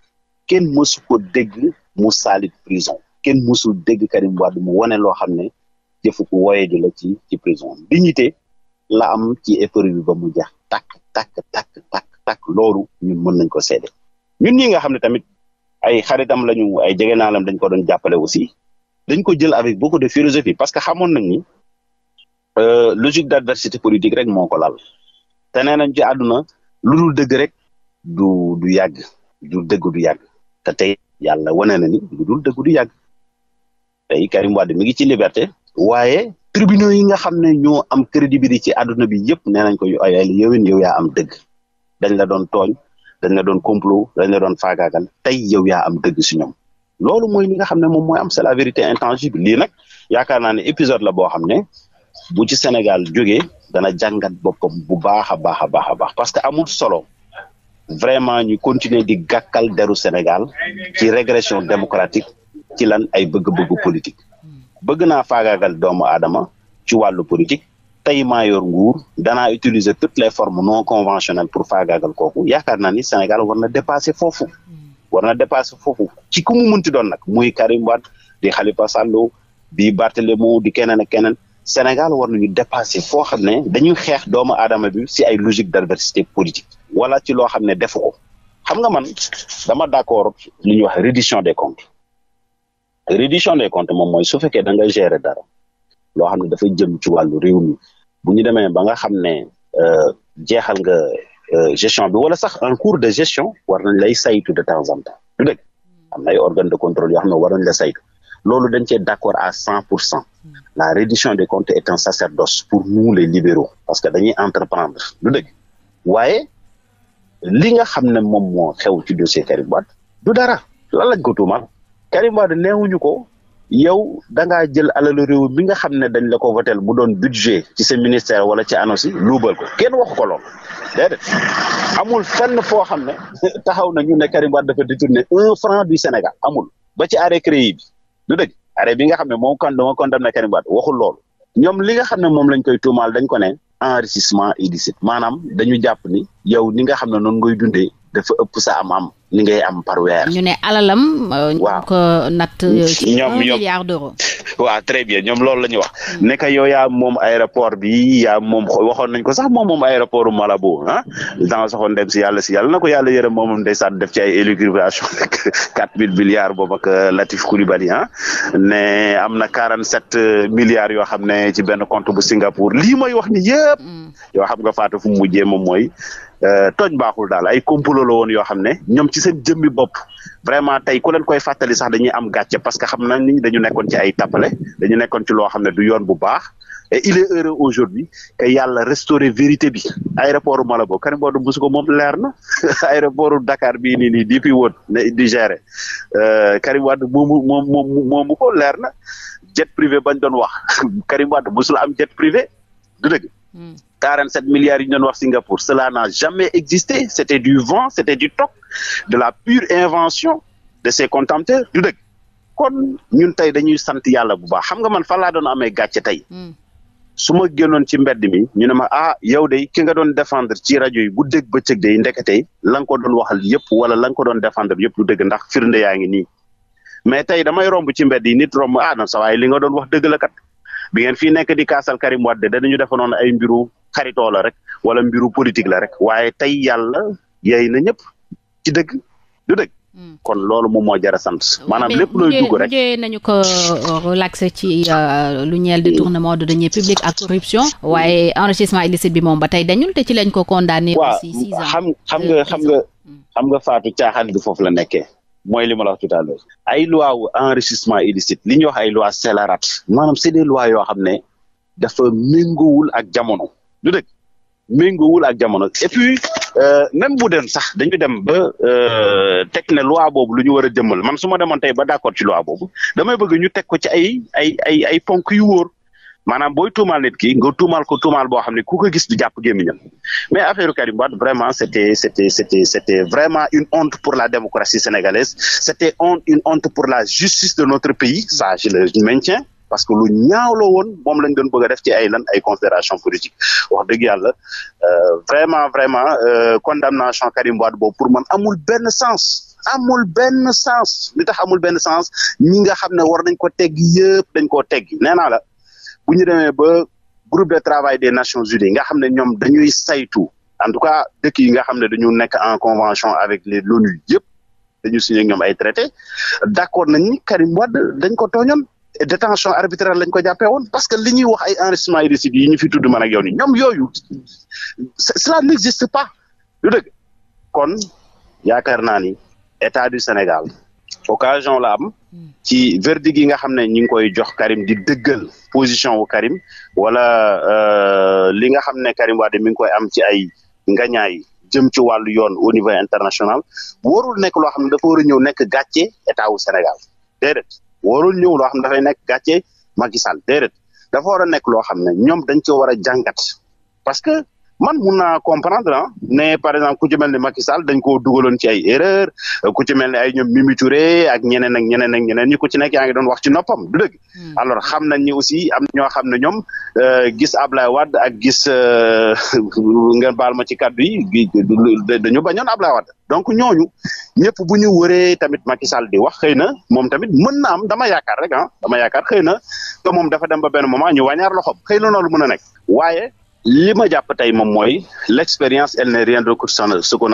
kenn mësu ko dégg mu saalit kenn mësul dëgg Karim mu wone loo xam ne jëfu ku wooye di la ci ci prison dignité la am ci épreuve bi ba mu jeex takk takk takk takk takk loolu ñun mën nañ ko seede ñun ñi nga xam ne tamit ay xaritam lañu ay jegenaalam dañ ko doon jàppale aussi dañ ko jël avec beaucoup de philosophie parce que xamoon nañ ni euh, logique d'adversité politique rek moo ko lal te nañ ci àdduna lu dul dëgg rek du du yàgg du dëgg du yàgg te tey yàlla wane na ni lu dul dëgg du yàgg tey Karim Wade mi ngi ci liberté waaye tribunaux yi nga xam ne ñoo am crédibilité ci àdduna bi yëpp nee nañ ko ay ay yowin yow am dëgg dañ la doon tooñ dañ la doon complot dañ la doon faagaagal tey yow yaa am dëgg si ñoom loolu mooy li nga xam ne moom mooy am c'est vérité intangible lii nag yaakaar naa ne épisode la boo xam ne bu ci Sénégal jógee dana jàngat boppam bu baax a baax a baax a baax parce que amul solo vraiment ñu continuer di gàkkal deru Sénégal ci régression démocratique ci lan ay bëgg-bëggu politique bëgg naa faagaagal doomu aadama ci wàllu politique tey maa yor nguur danaa utiliser toutes les formes non conventionnelles pour faagaagal kooku yaakaar naa ni Sénégal war na dépasser foofu. war na dépasser foofu ci ku mu munti doon nag muy Karim Wade di Khalifa Sall di Barthélemy di keneen ak keneen Sénégal war nañu dépasser foo xam ne dañuy xeex doomu aadama bi si ay logique d'adversité politique. wala ci loo xam ne defu ko xam nga man dama d'accord li ñuy wax reddition des comptes reddition des comptes moom mooy su fekkee da nga gérer dara. loo xam ne dafa jëm ci wàllu réew mi bu ñu demee ba nga xam ne euh, jeexal nga euh, gestion bi wala sax en cours de gestion war nañ lay saytu de temps en temps du dëgg am na ay organes de contrôle yoo xam ne war nañ la saytu loolu dañ cee d'accord à cent pour cent la reddition des comptes est un sacerdoce pour nous les libéraux parce que dañuy entreprendre du dëgg waaye li nga xam ne moom moo xew ci dossier Karim Wade du dara lan lañ ko tuumal Karim Wade neewuñu ko yow da ngaa jël alalu réew mi nga xam ne dañ la ko votel bu doon budget ci sa ministère wala ci ANOCI luubal ko kenn waxu ko lool déedéet amul fenn foo xam ne taxaw na ñu ne Karim Wade dafa détourné un franc du Sénégal amul ba ci arrêt CREI bi du dëgg bi nga xam ne moom kon dama condamné Karim Wade waxul ñoom li nga xam ne moom lañ koy tuumaal dañ ko ne enrichissement illicite maanaam dañu jàpp ni yow ni nga xam ne noonu ngay dundee dafa ëpp sa am-am li ngay am par ñu ne alalam. Euh, waaw ko natt euh, ci un milliard d'euros. waaw très bien ñoom loolu la ñuy wax. Mm. ne que yow yaa moom aéroport bi yaa moom waxoon nañ ko sax moom moom aéroportu Malabo ah. Mm. danga soxoon dem si yàlla si yàlla na ko yàlla yërëm moom ndeysaan def ci ay élucubration rek quatre mille milliards boobu ak euh, Latif Coulibaly ah ne am na quarante sept milliards yoo xam ne ci benn compte bu Singapour lii may wax ni yëpp. Mm. yoo xam nga faatu fu mu mujjee moom mooy tooñ baaxul daal ay complot woon yoo xam ne ñoom ci seen jëmmi bopp vraiment tey ku leen koy fàttali sax dañuy am gàcce parce que xam na ni dañu nekkoon ci ay tappale dañu nekkoon ci loo xam ne du yoon bu baax et il est heureux aujourd'hui que yàlla restaurer vérité bi aéroport Malabo Karim Wade mosu ko moom leer na aéroport Dakar bii nii nii di woon ne di gérer euh, Karim Wade moomu moom moomu ko leer na jet privé bañ doon wax Karim Wade mosul am jet privé du dëgg hmm. 47 milliards yi ñu doon wax Singapour cela n'a jamais existé c'était du vent c'était du toc de la pure invention de ces contempteurs du dëgg kon ñun tey dañuy sant yàlla bu baax xam nga man fa laa doon amee gàcce tey hmm. su ma génnoon ci mbedd mi ñu ne ma ah yow de ki nga doon défendre ci rajo yi bu dégg bëccëg de ndekete la nga ko doon waxal yëpp wala la ko doon défendre yëpp lu dëgg ndax firnde yaa ngi nii mais tey damay romb ci mbedd yi nit romb ah non sa waaye xaritoo la rek wala mbiru politique la rek waaye tey yàlla yey na ñëpp ci dëgg du dëgg. Hmm. kon loolu moom moo jar a sant. maanaam lépp looy dugg rek nañu ko euh, relaxé ci euh, lu ñeel détournement de deniers publics ak corruption. waaye enrichissement illicite bi moom ba tey dañul te ci lañ ko condamné. aussi six xam xam nga xam nga hmm. xam nga Fatou caaxaan bi foofu la nekkee mooy li ma la wax tout ay loi wu enrichissement illicite li ñuy wax ay loi scélérate maanaam c'est des lois yoo xam ne dafa méngoowul ak jamono. du dëkk méngoowul ak jamono et puis euh, même bu dem sax dañu dem ba euh, teg ne loi boobu lu ñu war a jëmmal man su ma demoon tey ba d'accord ci loi boobu damay bëgg ñu teg ko ci ay ay ay ay ponk yu wóor maanaam booy tuumaal nit ki nga tuumaal ko tuumaal boo xam ne ku ko gis du jàpp gémmiñam mais affaire Karim Wade vraiment c'était c'était vraiment une honte pour la démocratie sénégalaise c'était honte une honte pour la justice de notre pays ça je parce que lu ñaaw la woon moom lañ doon bëgg a def ci ay lan ay considération politique wax dëgg yàlla euh, vraiment vraiment euh, condamnation Karim Wade boobu pour man amul benn sens amul benn sens li tax amul benn sens ñi nga xam ne war nañ ko teg yëpp dañ koo teggi nee naa la bu ñu demee ba groupe de travail des Nations Unies nga xam ne ñoom dañuy saytu en tout cas dëkk yi nga xam ne dañu nekk en convention avec les l'ONU yëpp dañu signé ñoom ay traité d'accord nañ Karim Wade dañ détention arbitraire lañ ko jàppee woon parce que li ñuy wax ay enrichissement illicite yi ñu fi tudd man ak yow ni ñoom yooyu cela n'existe pas lu dëgg kon yaakaar naa ni état du Sénégal occasion la am ci verdict yi nga xam ne ñu ngi koy jox Karim di dëggal position wu Karim wala euh, li nga xam ne Karim Wade mi ngi koy am ci ay ngañaay jëm ci wàllu yoon au niveau international warul nekk loo xam ne dafa war a ñëw nekk gàcce état wu Sénégal déedéet warul ñëw loo xam dafay nekk gàcce Macky Sall déedéet dafa war a nekk loo xam ne ñoom dañ ci war a jàngat parce que man mun naa comprendre ah ne par exemple ku ci mel ni Macky Sall dañ koo dugaloon ci ay erreur ku ci mel ni ay ñoom Mimi ak ñeneen ak ñeneen ak ñeneen ñi ku ci nekk yaa ngi doon wax ci nopam du dëgg. Hmm. alors xam nañ ñi aussi am ñoo xam ne ñoom euh, gis Ablaye Wade ak gis euh, ngeen baal ma ci kaddu yi dañu bañoon Ablaye Wade donc ñooñu ñëpp bu ñu wëree tamit Macky Sall di wax xëy na moom tamit mën na am dama yaakaar rek am ah, dama yaakaar xëy na te moom dafa dem ba benn moment ñu wàññaar loxoom xëy na loolu mën a nekk li ma jàpp tey moom mooy l' expérience elle n'est rien de ce qu'on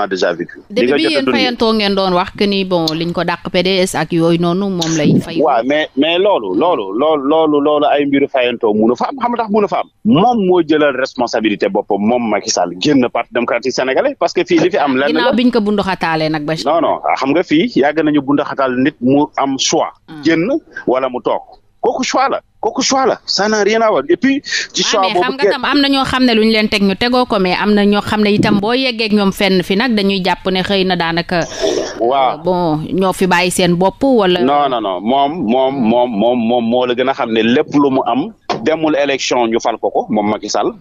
ngeen doon wax que ni bon liñ ko dàq PDS ak yooyu noonu moom lay. fay waaw mais loolu loolu loolu loolu loolu ay mbiru fayantoo munu fa am xam tax munu fa am. moom moo jëlal responsabilité boppam moom Macky Sall génn parti démocratique sénégalais parce que fii li fi am. lenn ginnaaw biñ ko bundaxataalee nag Bachir. xam nga fii yàgg nañu bundaxataal nit mu am choix. Ah. génn wala mu toog kooku choix kooku choix la ça n'a rien à voir et puis. Ah, xam nga tam am na ñoo xam ne lu ñu leen teg ñu tegoo ko mais am na ñoo xam ne itam boo yeggeek ñoom fenn fi nag dañuy jàpp ne xëy na daanaka. waaw euh, fi bàyyi seen bopp wala. non non non moom moom moom moom moo la gën a xam ne lépp lu mu am. demul élection ñu fal ko ko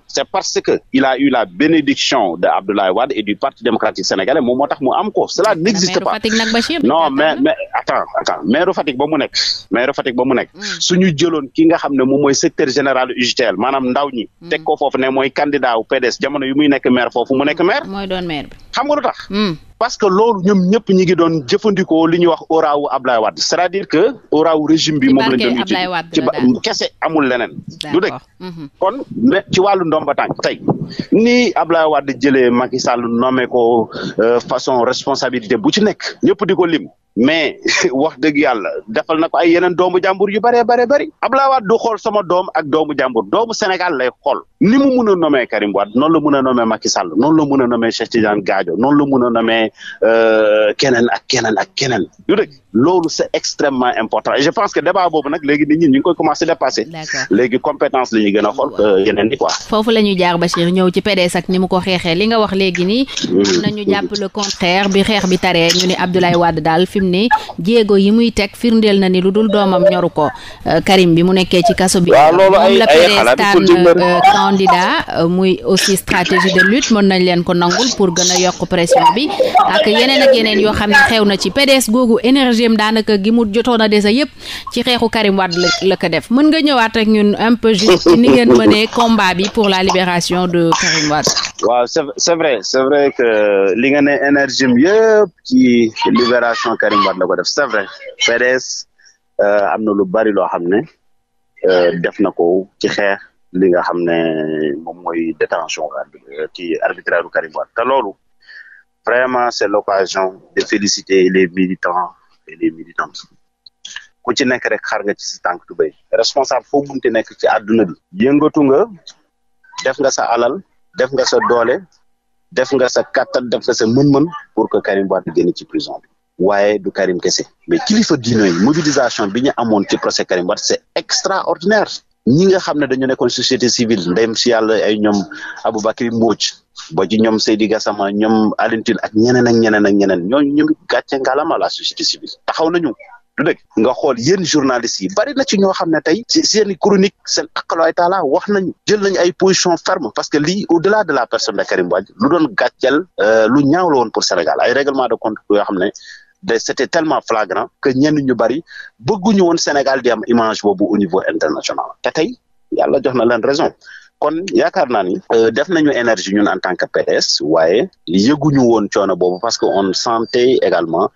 c'est parce que il a eu la bénédiction de Abdoulaye Wade et du Parti démocratique sénégalais moom moo tax mu am ko cela n'existe pas non mais mais attends maire Fatick ba mu nekk maire Fatick ba mu nekk hmm. suñu jëloon ki nga xam ne moom mooy secrétaire général UGTEL maanaam ndaw ñi hmm. teg ko foofu ne mooy candidat wu PDS jamono yu muy nekk maire foofu mu nekk maire xam nga tax hmm. parce que loolu ñoom ñëpp ñi ngi doon jëfandikoo li ñuy wax oraawu Ablaye Wade c'est-à-dire que oraawu régime bi moom lañ doon uti ci ba kese amul leneen du dëgg mhm. kon mais ci wàllu ndomba tànk tey ni Ablaye Wade jëlee Macky Sall euh, façon responsabilité bu ci nekk ñëpp di ko lim mais wax dëgg yàlla defal na ko ay yeneen doomu jàmbur yu bëree bëri bëri Abdoulaye Wade du xool sama doom ak doomu jàmbur doomu Sénégal lay xool ni mu mun a nommé Karim Wade noonu la mun a nommé Macky Sall noonu la mun a nommé Cheikh Tidiane Gadio noonu la mun a e keneen ak keneen ak keneen du dëgg loolu c' est extrêmement important et je pense léegi compétence la ñuy gën euh, yeneen ni ko mm. bi xeex bi taree ñu ne Abdoulaye daal fi mu ne jéego yi muy teg firndeel na ni lu dul doomam ñoru ko euh, Karim bi mu nekkee ci kaso bi. waaw loolu ay ay xalaat euh, moom aussi stratégie de lutte mën nañ leen ko nangul pour gën a yokk pression bi ak yeneen ak yeneen yoo xam ne xew na ci PDS googu énergie deuxième daanaka gi mu jotoon a dese yëpp ci xeexu Karim Wade la la def mën nga ñëwaat rek ñun un peu juste ni ngeen mënee combat bi pour la libération de Karim Wade. waaw c'est vrai que li nga ne énergie am yëpp ci libération Karim Wade la ko def c'est vrai PDS euh, am na lu bari loo xam ne euh, def na ko ci xeex. li nga xam ne moom mooy détention ci arbitraire u te loolu vraiment c'est l'occasion de féliciter les militants et les militants ku ci nekk rek xar nga ci si tànk tubéy responsable foo munti nekk ci adduna bi yëngatu nga def nga sa alal def nga sa doole def nga sa kàttan def nga sa mën-mën pour que Karim Wade génn ci prison bi waaye du Karim kese mais kilifa diine yi mobilisation bi amoon ci procès Karim c'est extraordinaire ñi nga xam ne dañu nekkoon société civile ndem si yàlla ay ñoom Aboubacry Mbodj ba ci ñoom Seydi Gassama ñoom Alintine ak ñeneen ak ñeneen ak ñeneen ñooñu ñoom gàcce ngalama la société civile taxaw nañu du dëgg nga xool yéen journalistes yi bari na ci ñoo xam ne tey si seen chronique seen akalaay taala wax nañu jël nañu ay position ferme parce que lii au delà de la personne de Karim Wade lu doon gàcceel euh, lu ñaaw la woon pour Sénégal ay règlement de compte yoo xam ne de c'était tellement flagrant que ñenn ñu bari bëgguñu woon Sénégal di am image boobu au niveau international te tey yàlla jox na leen raison kon yaakaar naa ni euh, def nañu énergie ñun en tant que PDS waaye yëguñu woon coono boobu parce que on sentait également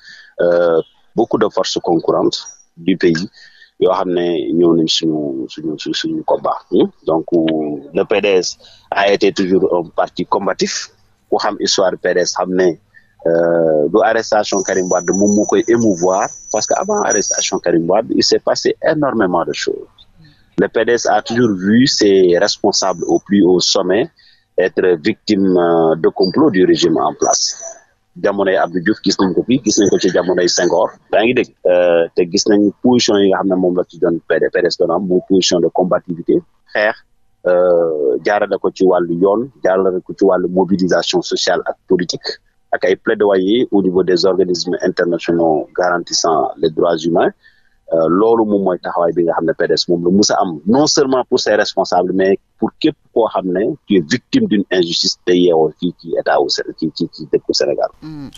euh, beaucoup de force concurrentes du pays yoo xam ne ñëw nañ suñu suñu suñu combat hmm? donc le PDS a été toujours un parti combatif ku xam histoire PDS xam ne Euh, du arrestation Karim Wade moom moo koy émouvoir parce que avant arrestation Karim Wade il s'est passé énormément de choses le PDS a toujours vu ses responsables au plus haut sommet être victime euh, de complot du régime en place jamonoy Abdou Diouf gis nañ ko gis nañ ko ci jamono Senghor daa ngi dégg euh, te gis nañ position yi nga xam ne moom la ci doon PDS doon am mu position de combativité xeex jaarale ko ci wàllu yoon jaarale ko ci wàllu mobilisation sociale ak politique ak ay plaidoyer au niveau des organismes internationaux garantissant les droits humains euh, loolu moom mooy taxawaay bi nga xam ne PDS moom la mus am non seulement pour ses responsables mais pour képp koo xam ne tu es victime d'une injustice te yeewoo ci état wu ci ci ci dëkku hmm.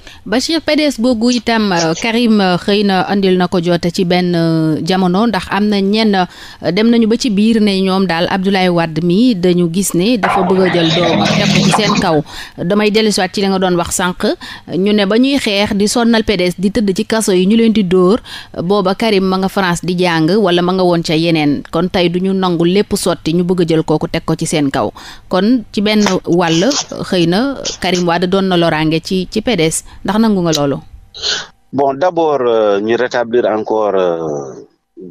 boogu itam euh, Karim euh, xëy na andil na ko joote ci benn euh, jamono ndax am na ñenn dem nañu ba ci biir ne ñoom daal Abdoulaye Wade mi dañu gis ne dafa bëgg a jël doomam def ko ci seen kaw damay dellusiwaat ci la nga doon wax sànq ñu ne ba ñuy xeex di sonnal pedes di tëdd ci kaso yi ñu leen di dóor booba Karim ma nga France di jàng wala ma nga woon ca yeneen kon tey du ñu nangu lépp sotti ñu bëgg a jël kooku teg ko ci seen kaw kon ci benn wàll xëy na Karim Wade doon na loraange ci ci PDS ndax nangu nga loolu. bon d'abord euh, ñu euh, rétablir encore euh,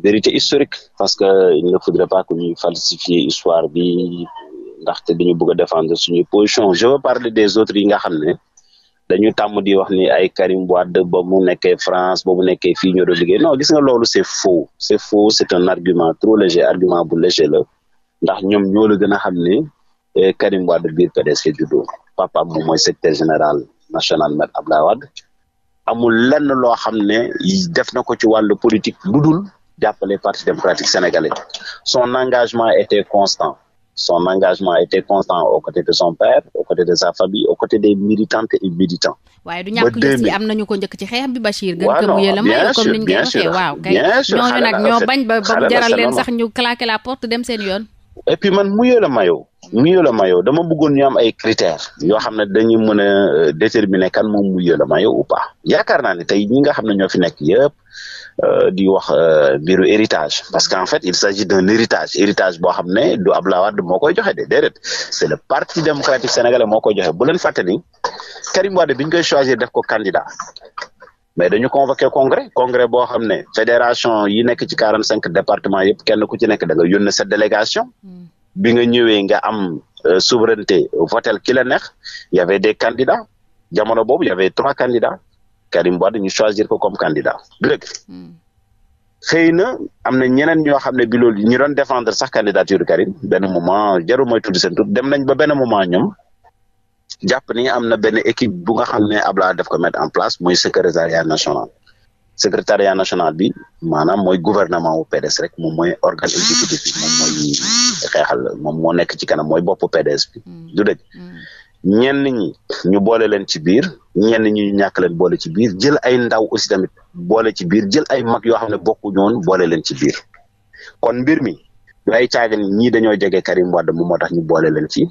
vérité historique parce que euh, il ne faudrait pas que ñuy falsifier histoire bi ndaxte dañu bëgg a défendre suñuy position je veux parler des autres yi nga xam ne dañu tàmm di wax ni ay Karim Wade ba mu nekkee France ba mu nekkee fii ñoo doon liggéey non gis nga loolu c'est faux c'est faux c'est un argument trop léger argument bu léger la ndax ñoom ñoo la gën a xam ne eh, Karim Wade biir PDS la juddoo papa moom mooy secrétaire général national Me Abdoulaye Wade amul lenn loo xam ne def na ko ci wàllu politique lu dul jàppale parti démocratique sénégalais son engagement était constant son engagement était constant aux côtés de son père aux côtés de sa famille aux côtés des militantes et militants. waaye du ñàkk gis yi am nañu ko jëkk ci xeex bi Bachir. gën ko mu yëla may comme ni ñu koy waxee nag ñoo bañ dem seen yoon. et man muyoo la mayo muyoo la mayoo dama bëggoon ñu am ay critères yoo xam ne dañuy mën a euh, déterminer kan moom muyoo la mayoo ou pas yaakaar naa ne tey ñi nga xam ne ñoo fi nekk yëpp euh, di wax euh, mbiru héritage parce que en fait il s'agit d'un héritage héritage boo xam ne du Abdoulaye Wade moo koy joxe de déedéet c'est le parti démocratique sénégalais moo koy joxe bu leen fàtte ni Karim Wade bi koy choisir def ko candidat mais dañu convoqué congrès congrès boo xam ne fédération yi nekk ci quarante cinq département yëpp kenn ku ci nekk da nga yónnee sa délégation hmm. bi nga ñëwee nga am euh, souveraineté votel ki la neex y avait des candidats jamono boobu y avait trois candidats Karim Wade ñu choisir ko comme candidat dëgg hmm. xëy na am na ñeneen ñoo xam ne bi loolu ñu doon défendre sax candidature Karim benn moment jarul mooy tudd seen tur dem nañ ba benn moment ñoom jàpp ni am na benn équipe bu nga xam ne Ablaye def ko mettre en place mooy secrétariat national secrétariat national bi maanaam mooy gouvernement wu PDS rek moom mooy organe ah. exécutif bi moom mooy xeexal moom moo nekk ci kanam mooy bopp PDS bi hmm. du dëgg hmm. ñenn ñi ñu boole leen ci biir ñenn ñi ñu ñàkk leen boole ci biir jël ay ndaw aussi tamit boole ci biir jël ay mag yoo xam ne bokku ñoon boole leen ci biir kon mbir mi du ay caaga ni ñii dañoo jege Karim Wade moom moo tax ñu boole leen ci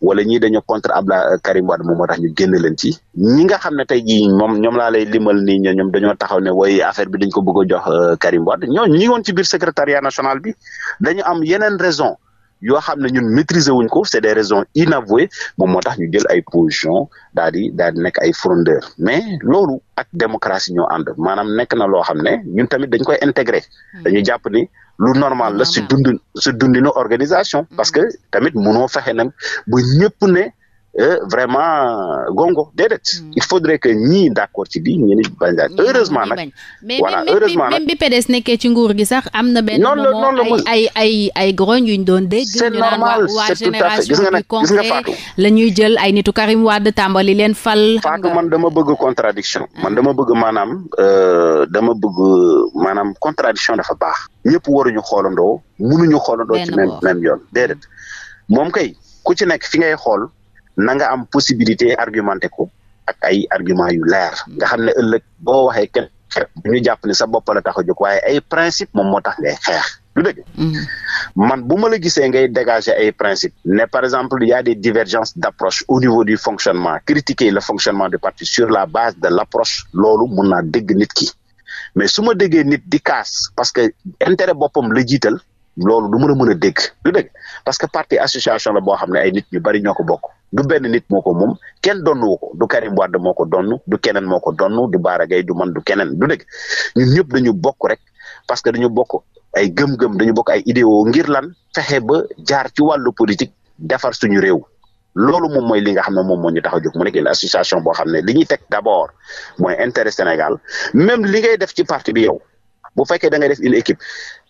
wala ñii dañoo contre Abla Karim Wade moom moo tax ñu génn leen ci ñi nga xam ne tey jii moom ñoom laa lay limal nii ñoom dañoo taxaw ne woy affaire bi dañ ko bëgg a jox euh, Karim Wade ñooñu woon ci biir secrétariat national bi dañu am yeneen raison yoo xam ne ñun maîtriser wuñ ko c'est des raisons inavouées moom moo tax ñu jël ay position daal di daal di nekk ay frondeur mais loolu ak démocratie ñoo ànd maanaam nekk na loo xam ne ñun tamit dañ koy intégrer hmm. dañu jàpp ni lu normal la si dund si dundinu organisation parce que mm-hmm. tamit munoo fexe nag bu ñëpp ne Euh, vraiment gongo déedéet. Mm. il faudrait que ñii d'accord ci lii mm, ñu ni bañ heureusement nag. voilà heureusement nag mais même bi nekkee ci nguur gi sax am na benn. noonu la ay ay ay grogne yu ñu doon dégg. c'est normal c'est tout à fait gis nga nag gis nga Fatou. la ñuy jël ay nitu Karim Wade tàmbali leen fal. Fatou man dama bëgg contradiction mm. man dama bëgg maanaam euh, dama bëgg maanaam contradiction dafa baax. ñëpp waruñu xoolandoo. mënuñu xoolandoo ci même même yoon déedéet moom kay ku ci nekk fi ngay xool. na nga am possibilité argumenté ko ak ay argument yu leer nga xam ne ëllëg boo waxee kenn xeex bu ñu jàpp ne sa bopp la tax a jóg waaye ay principe moom moo tax ngay xeex du dëgg mm-hmm. man bu ma la gisee ngay dégager ay principes ne par exemple il y a des divergences d'approche au niveau du fonctionnement critiquer le fonctionnement du parti sur la base de l'approche loolu mun naa dégg nit ki mais su ma déggee nit di kaas parce que intérêt boppam la jiital loolu du mën a mën a dégg du parce que parti association la boo xam ne ay nit ñu bari ñoo ko bokk du benn nit moo ko moom kenn donnu ko du Karim Wade moo ko donn du keneen moo ko donn du Bara Gaye du man du keneen du dëgg ñun ñëpp dañu bokk rek parce que dañu bokk ay gëm-gëm dañu bokk ay idéo ngir lan fexe ba jaar ci wàllu politique defar suñu réew loolu moom mooy li nga xam ne moom moo ñu tax a jóg mu nekk une association boo xam ne li ñuy teg d'abord mooy intérêt Sénégal même li ngay def ci parti bi yow bu fekkee da ngay def une équipe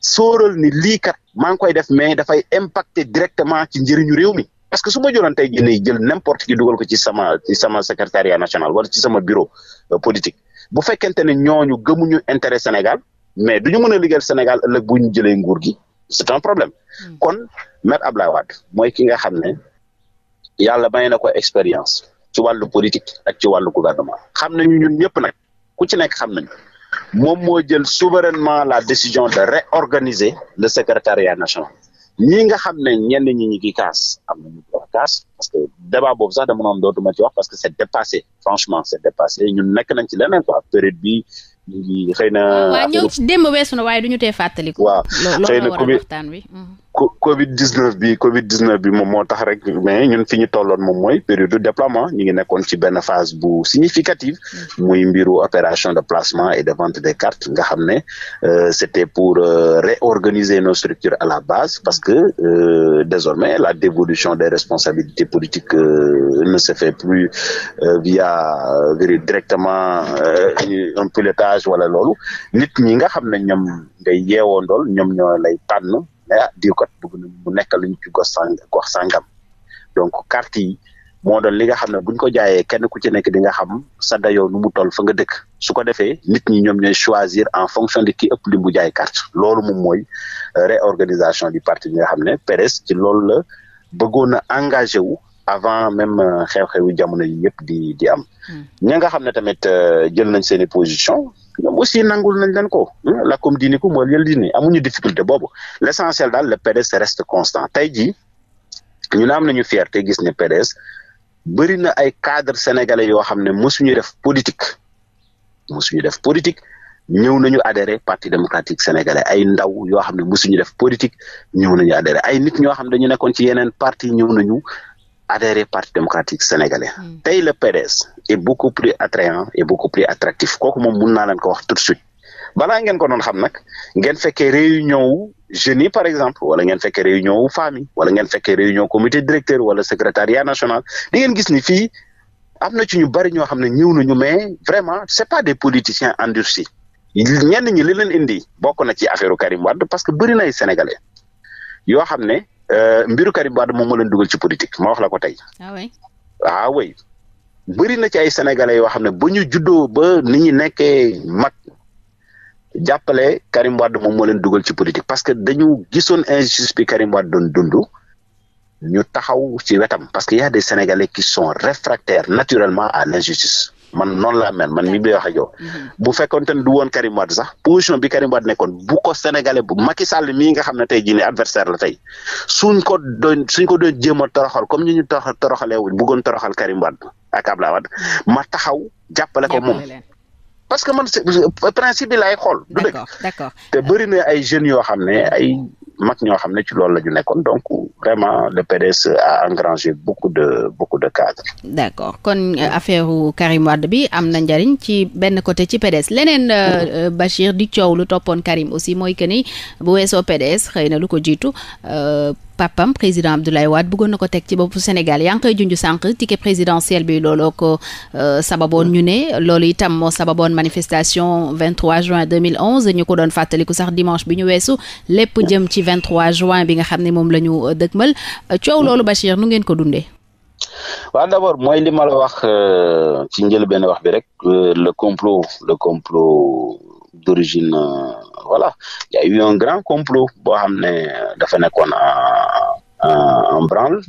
sóoral ni lii kat maa ngi koy def mais dafay impacter directement ci njëriñu réew mi parce que su ma jëloon tey jii jël n'importe qui dugal ko ci sama ci sama secrétariat national wala ci sama bureau euh, politique bu fekkente ne ñooñu gëmuñu intérêt Sénégal mais duñu mën a liggéeyal Sénégal ëllëg bu ñu jëlee nguur gi c'est un problème hmm. kon maître Abdoulaye Wade mooy ki nga xam ne yàlla may na ko expérience ci wàllu politique ak ci wàllu gouvernement xam nañu ñun ñëpp nag ku ci nekk xam nañu moom moo jël souverainement la décision de réorganiser le secrétariat national ñii nga xam ne ñenn ñi ñu ngi kaas am nañu droit kaas parce que débat boobu sax dama noon dootuma ci wax parce que c'est dépassé franchement c'est dépassé ñun nekk nañ ci leneen quoi période bi ñu ngi xëy na. Ah, waaw ñëw ci démb na waaye du ñu tee fàttaliku. waaw xëy na commune Covid 19 bi Covid 19 bi moom moo tax rek mais ñun fi ñu tolloon moom mooy période de déploiement ñu ngi nekon ci benn phase bu significative mm-hmm. muy mbiru opération de placement et de vente des cartes nga xam ne euh, c'était pour euh, réorganiser no structures à la base parce que euh, désormais la dévolution des responsabilités politiques euh, ne se fait plus euh, via euh, directement un pilotage wala loolu nit ñi nga xam ne ñoom ngay yeewoondool ñoom ñoo lay tànn ne ah diw kat mu nekk luñ ci gox sang gox sangam donc carte yi moo doon li nga xam ne buñ ko jaayee kenn ku ci nekk di nga xam sa dayoo nu mu toll fa nga dëkk su ko defee nit ñi ñoom ñooy choisir en fonction de ki ëpp li mu jaay carte loolu moom mooy euh, réorganisation du parti bi nga xam ne PDS ci loolu la bëggoon a engagé wu avant même euh, xew-xewu jamono yi yëpp di di am hmm. ña nga xam ne tamit euh, jël nañ seen i position ñoom aussi nangul nañ leen ko hmm? la comme dini ko mooy leen dini amuñu difficulté boobu l' essentiel daal le PDS reste constant tey jii ñu ne am nañu fierté gis ne PDS bëri na ay cadre sénégalais yoo xam ne mosuñu def politique mosuñu def politique ñëw na ñu adhéré parti démocratique sénégalais ay ndaw yoo xam ne mosuñu def politique ñëw nañu adhéré ay nit ñoo xam ne dañu nekkoon ci yeneen partie ñëw nañu adhérer parti démocratique sénégalais. Mm. tey beaucoup plus attrayant et beaucoup plus attractif kooku moom mun ko wax tout de suite balaa ngeen ko doon xam nag ngeen fekkee réunion wu jeunes yi par exemple wala ngeen fekke réunion wu famille wala ngeen fekkee réunion comité directeur wala secrétariat national di ngeen gis ni fii am na ci ñu bari ñoo xam ne ñëw ñu mais vraiment c'est pas des politiciens endurcis ñenn ñi li leen indi bokk na ci affaire Karim parce que bëri na ay Euh, mbiru Karim Wade moom moo leen dugal ci politique ma wax la ko tey. ah oui ah na ci ay sénégalais yoo xam ne ba ñu juddoo ba ni ñu nekkee mag jàppale Karim Wade moom moo leen dugal ci politique parce que dañu gisoon injustice bi Karim Wade doon dund ñu taxaw ci wetam parce que y a des qui sont réfractaires naturellement à l'injustice man noonu la mel man mi bi wax ak yow mhm. bu fekkonte ne du woon Karim Wade sax position bi Karim Wade nekkoon bu ko sénégalais bu Macky Sall nga xam ne tey jii adversaire la tey suñ ko doon suñ ko doon jéem a toroxal comme ni ñu toroxal toroxalee wuñ bëggoon toroxal Karim Wade ma taxaw jàppale ko moom parce que man principe bi laay xool. du dëgg te bëri na ay jeunes yoo xam ne ay. mag ñoo xam ne ci loolu la ñu nekkoon donc vraiment le PDS a engrangé beaucoup de beaucoup de d' accord kon euh, affaire Karim Wade bi am na njariñ ci benn côté ci PDS leneen euh, euh, Bachir di coow lu toppoon Karim aussi mooy que ni bu weesoo PDS xëy na lu ko jiitu. papam président Abdoulaye Wade bëggoon na ko teg ci boppu Sénégal yaa ngi koy junj sànq ticket présidentiel bi looloo ko euh, sababoon ñu ne loolu itam moo sababoon manifestation juin ñu ko doon fàttaliku sax dimanche bi ñu weesu lépp jëm ci juin bi nga xam ne moom la ñu euh, euh, coow loolu Bachir nu ngeen ko dundee. waaw d'abord mooy li wax ci njëlbeen wax bi rek le complot le complot d'origine. voilà il y a eu un grand complot boo xam ne dafa nekkoon en branle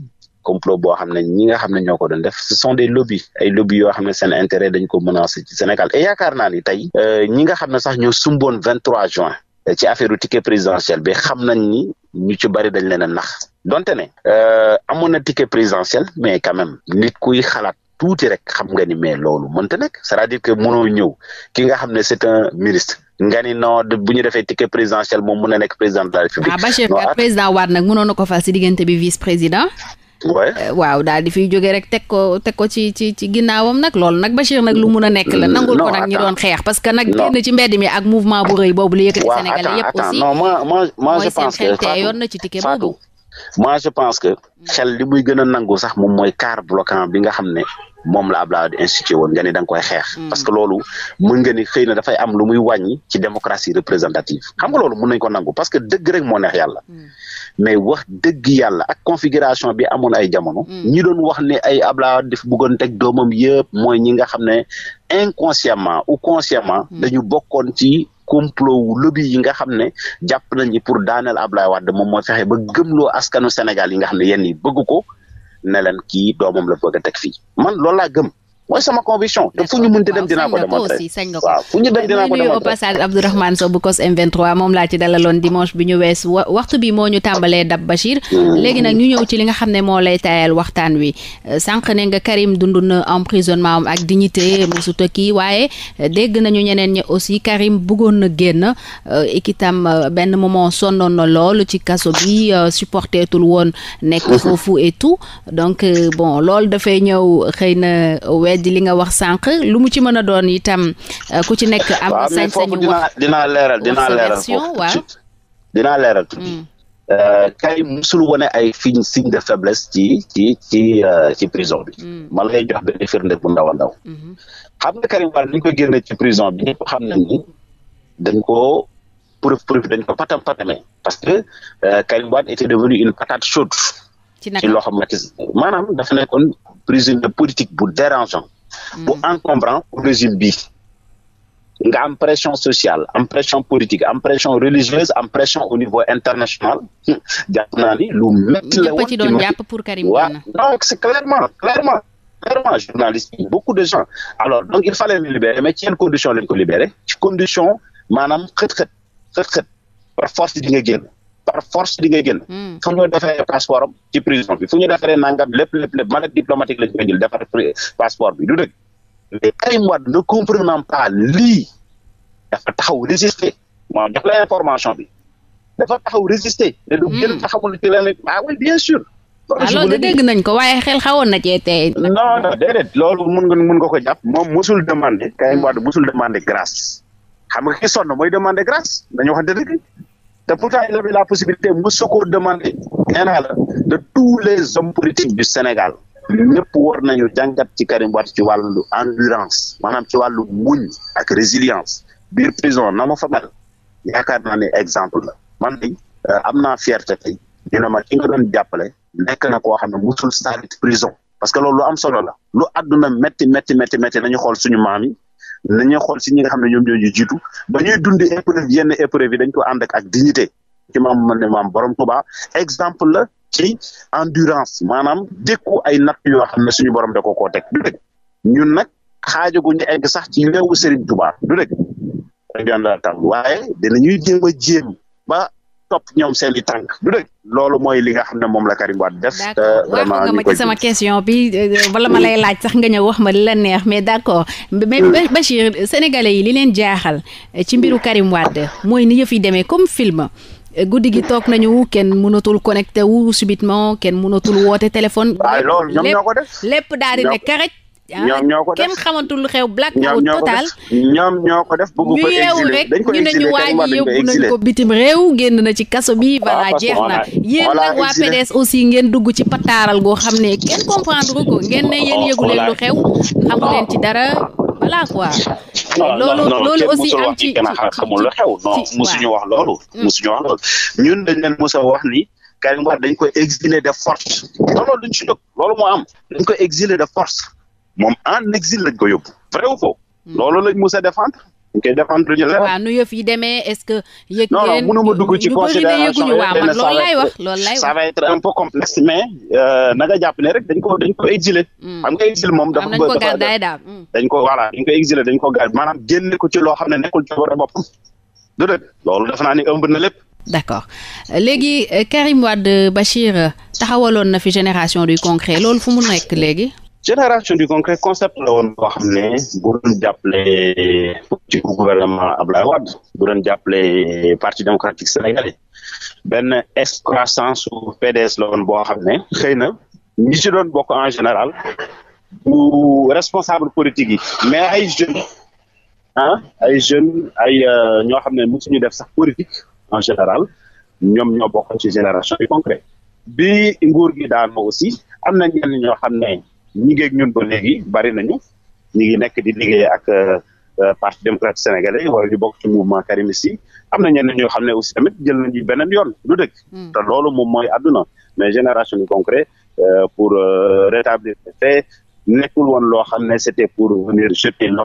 complot boo xam ne ñi nga xam ne ñoo ko doon def ce sont des lobbies ay lobby yoo xam ne seen intérêt dañ ko menacé ci Sénégal et yaakaar naa ni tey euh, ñi nga ne sax ñoo sumboon 23 juin ci affaire u ticket présidentiel bi xam nañ ni ñu ci bari dañ leen a nax donte ne euh, amoon na ticket présidentiel mais quand nit kuy xalaat tuuti rek xam nga ni mais loolu mënta nekk c'est-à-dire que mënoo ñëw ki nga xam ne c'est un ministre nga ni non bu ñu defee ticket présidentiel moom mun na nekk président de la république. ah Bachir Ka président Wade nag mënoon na ko fal diggante bi vice président. Euh, waaw daal di fiy jógee rek teg ko teg ko ci ci ci ginnaawam nag loolu nag Bachir nag lu mun a nekk la. Mm, nangul ko nag ñi doon xeex parce que nag. génn ci mbedd mi ak mouvement bu rëy boobu. li yëkkati Sénégalais yëpp aussi non moi moi moi yoon na ci ticket boobu. moi je pense que xel li muy gën a nangu sax moom mooy quart bloquant bi nga xam ne moom la Abdoulaye Wade institué woon nga ne koy xeex. Mm. parce que loolu mën nañ ko nangu parce que dëgg rek moo yàlla. Mm. mais wax dëgg yàlla ak configuration bi amoon ay jamono. Mm. ñi doon wax ne ay Abdoulaye Wade def bëggoon teg doomam yëpp mooy ñi nga xam ne inconsciemment ou consciemment. dañu bokkoon ci. complot wu lobby yi nga xam ne jàpp nañ ni pour daaneel Ablaye Wade moom moo fexe ba gëm gëmloo askanu Sénégal yi nga xam ne yenn yi bëgg ko ne leen kii doomam la bëgg a teg fii man loolu gëm mooy sama conviction te fu ñu mënti dem dinaa ko démontrer waaw fu ñu dem dinaa ko démontrer au passage Abdourahmane Sow bu COS M23 moom laa ci dalaloon dimanche bi ñu wees waxtu bi moo ñu tàmbalee dab Bachir hmm. léegi nag ñu ñëw ci li nga xam ne moo lay taayal waxtaan wi euh, sànq ne nga Karim dund na emprisonnement am ak dignité mosu tokki waaye euh, dégg nañu ñeneen ñi aussi Karim bëggoon na génn euh, ikitam benn moment sonnoon na lool ci kaso bi supporteetul woon nekk foofu et tout donc bon loolu dafay di li nga wax sànq lu mu ci mën a doon itam euh, ku ci nekk am nga sañ-sañu wax dinaa leeral dinaa leeral waaw dinaa leeral tuuti kay mm. euh, musul wane ay fiñ signe de faiblesse ci ci ci euh, prison bi mm. ma lay jox benn firnde bu ndaw a ndaw mm-hmm. xam nga Karim Wade ni ko génne ci prison bi ñëpp xam nañ ni dañ ko preuve preuve dañ ko patam patamee parce que Karim Wade était devenu une patate chaude ci loxo Macky maanaam dafa nekkoon régime de politique bu dérangeant. Hmm. bu encombrant régime bi nga am pression sociale am pression politique am pression religieuse am pression au niveau international jàpp naa ni lu métti la woon ci doon jàpp pour Karim wa donc c'est clairement clairement clairement journaliste yi beaucoup de gens alors donc il fallait le libérer mais ci yenn condition lañ ko libérer ci condition maanaam xët-xët xët-xët par force di nga génn par force di ngay génn hmm. fu ñu defaree passeport am ci prison bi fu ñu defaree nangam lépp taxaw résister moo jox la information bi dafa taxaw résister ne du gën hmm. a ci leneen ah ah, de nañ ko waaye xel xawoon na cee tey non non déedéet mun nga mun nga ko jàpp moom mosul demandé Karim hmm. Wade mosul demande grâce xam nga ki sonn mooy demandé grâce dañu waxante dëgg te pourtant il avait la possibilité mësu ko demander nee naa la de tous les hommes politiques du Sénégal mhm. ñëpp war nañu jàngat ci Karim Wade ci wàllu endurance maanaam ci wàllu muñ ak résilience biir prison na ma fa mel yaakaar naa ne exemple la man de euh, am naa fierté tey dina ma ki nga doon jàppale nekk na koo xam ne sul saalit prison parce que loolu am solo la lu àdduna métti métti métti métti nañu xool suñu maam yi nañu xool si ñi nga xam ne ñoom ñoo ñu jiitu ba ñuy dund épreuve yenn épreuve yi dañ ko ànd ak ak dignité ci maam man ne maam borom Tuubaa exemple la ci en durance maanaam dékku ay nat yoo xam ne suñu borom da ko koo teg du dëgg ñun nag xaajaguñu egg sax ci réewu Serigne Touba du dëgg. waaye dinañuy jéem a jéem ba topp ñoom seen i tànk du loolu mooy li nga xam ne moom la Karim Wade def euh, vraiment nga ma ci sama question bi euh, wala ma lay laaj sax nga ñëw wax ma li la neex mais d'accord mais hmm. Bachir sénégalais yi li leen jaaxal euh, ci mbiru Karim Wade mooy ni yëf yi demee comme film guddi gi toog nañu kenn mënatul connecté wu subitement kenn mënatul woote téléphone. loolu lépp daal karaj Ah, ñoom ñoo ko def kenn xamatul xew blackout total ñoom ñoo ko def bëgg ko ko exilé tey waa yóbbu nañ ko bitim réew génn na ci kaso bi voilà jeex na yéen nag waa PDS aussi ngeen dugg ci pataaral goo xam ne kenn comprendre ko ngeen ne yéen yëgu lu xew xamu leen ci dara voilà quoi. loolu loolu aussi am ci kenn xamul lu xew non musuñu wax loolu mm. musuñu wax loolu ñun dañ leen mos a wax ni Karim Wade dañ koy exilé de force loolu duñ ci jóg loolu moo am dañ koy exilé de force moom en exil lañ ko yóbbu vrai ou faux hmm. loolu lañ mus a défendre ñu koy défendre lu ñu leer. nu yëf demee est-ce que. yëg ngeen non dugg ci considération yëguñu waaw man loolu laay wax loolu laay wax. ça un peu complexe mais euh, na nga jàpp ne rek dañ ko dañ ko exilé. Hmm. xam nga exil moom dafa dafa gàddaay daal. Hmm. dañ ko voilà dañ ko exilé dañ ko gàddaay maanaam génne ko ci loo xam ne nekkul ci war a boppam. du loolu defe naa ni ëmb na lépp. d'accord léegi euh, Karim Wade Bachir taxawaloon na fi génération du concret loolu fu mu nekk léegi. génération du concret concept la woon boo xam ne bu doon jàppale ci gouvernement Abdoulaye Wade bu doon jàppale parti démocratique sénégalais benn excroissance su PDS la woon boo xam ne xëy na ñi ci doon bokk en général bu responsable politique yi mais ay jeunes ah ay jeunes ay euh, ñoo xam ne mosuñu def sax politique en général ñoom ñoo bokk ci génération du concret bi nguur gi daanoo aussi am na ñenn ñoo xam ne. ñi ngeeg ñun léegi bari nañu ñi ngi nekk di liggéey ak euh, euh, parti démocratique sénégalais wala di bokk ci mouvement karimiste yi am na ñeneen ñoo xam ne aussi tamit jël nañu beneen yoon du dëkk. Hmm. te loolu moom mooy àdduna mais génération du concret euh, pour rétablir les nekkul woon loo ne c'était pour venir jeter li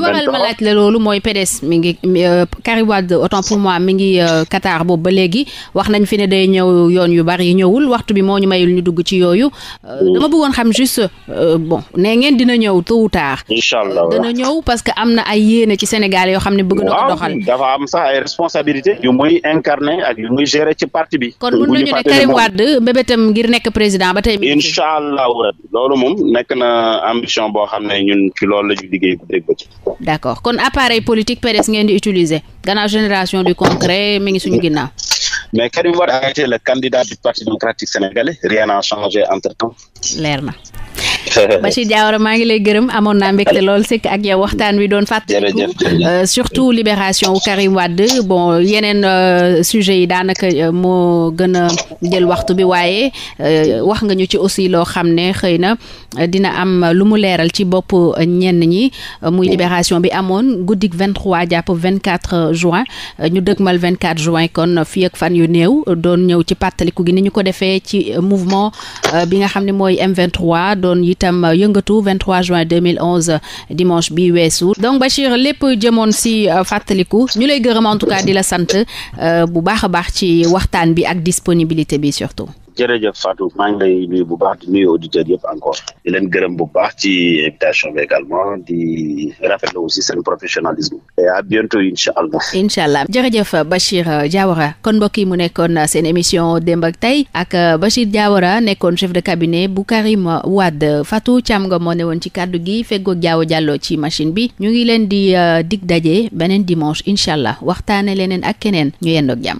waral ma laaj la loolu mooy PDS mi ngi euh, Karim Wade pour moi mi ngi euh, Qatar boobu ba léegi wax nañ fi ne day ñëw yoon yu bari ñëwul waxtu bi moo ñu mayul ñu dugg ci yooyu. Euh, dama bëggoon xam juste bon nee ngeen dina ñëw tôt ou tard. incha allah dina ñëw parce que am na ay yéene ci Sénégal yoo xam ne bëgg na ko doxal. dafa am sax ay responsabilités yu muy incarné ak yu muy gérer ci parti bi. kon mun nañu ne Karim Wade mbébétam ngir nekk président ba tey. incha allahu loolu moom nekk na ambition boo xam ne ñun ci loolu la ñu liggéey bu dégg ba ci. d' accord kon appareil politique PDS ngeen di utiliser gannaaw génération du concret mi ngi suñu ginnaaw. mais Karim Wade a été le candidat du parti démocratique sénégalais rien n'a entre temps. leer na. Bachir Diawara maa ngi lay gërëm amoon naa mbégte lool sëkk ak yow waxtaan wi doon fàttaliku euh, surtout libération wu Karim Wade bon yeneen euh, sujet yi daanaka euh, moo gën a jël waxtu bi waaye wax nga ñu ci aussi loo xam ne xëy na dina am lu mu leeral ci bopp ñenn ñi muy libération bi amoon guddik 23 jàpp 24 juin ñu dëgmal 24 juin kon fii ak fan yu néew doon ñëw ci pàttaliku gi ni ñu ko defee ci mouvement bi nga xam ne mooy M23 doon itam yëngatu 23 juin 2011 dimanche bi weesu donc Bachir lépp jëmoon si euh, fàttaliku ñu lay gërëm en di la sant euh, bu baax a baax ci waxtaan bi ak disponibilité bi surtout jërëjëf Fatou maa ngi lay nuyu bu baax di nuyu auditeurs yëpp encore di leen gërëm bu baax ci invitation bi également di aussi seen professionnalisme et à bientôt incha allah. incha allah jërëjëf Bachir Diawara kon mbokk yi mu nekkoon seen émission démb ak tey ak Bachir Diawara nekkoon chef de cabinet bu Karim Wade Fatou Thiam nga moo ne woon ci kàddu gi feggoog Diaw jàlloo ci machine bi ñu ngi leen di euh, dig dajee beneen dimanche incha allah waxtaane leneen ak keneen ñu yendoog jàmm.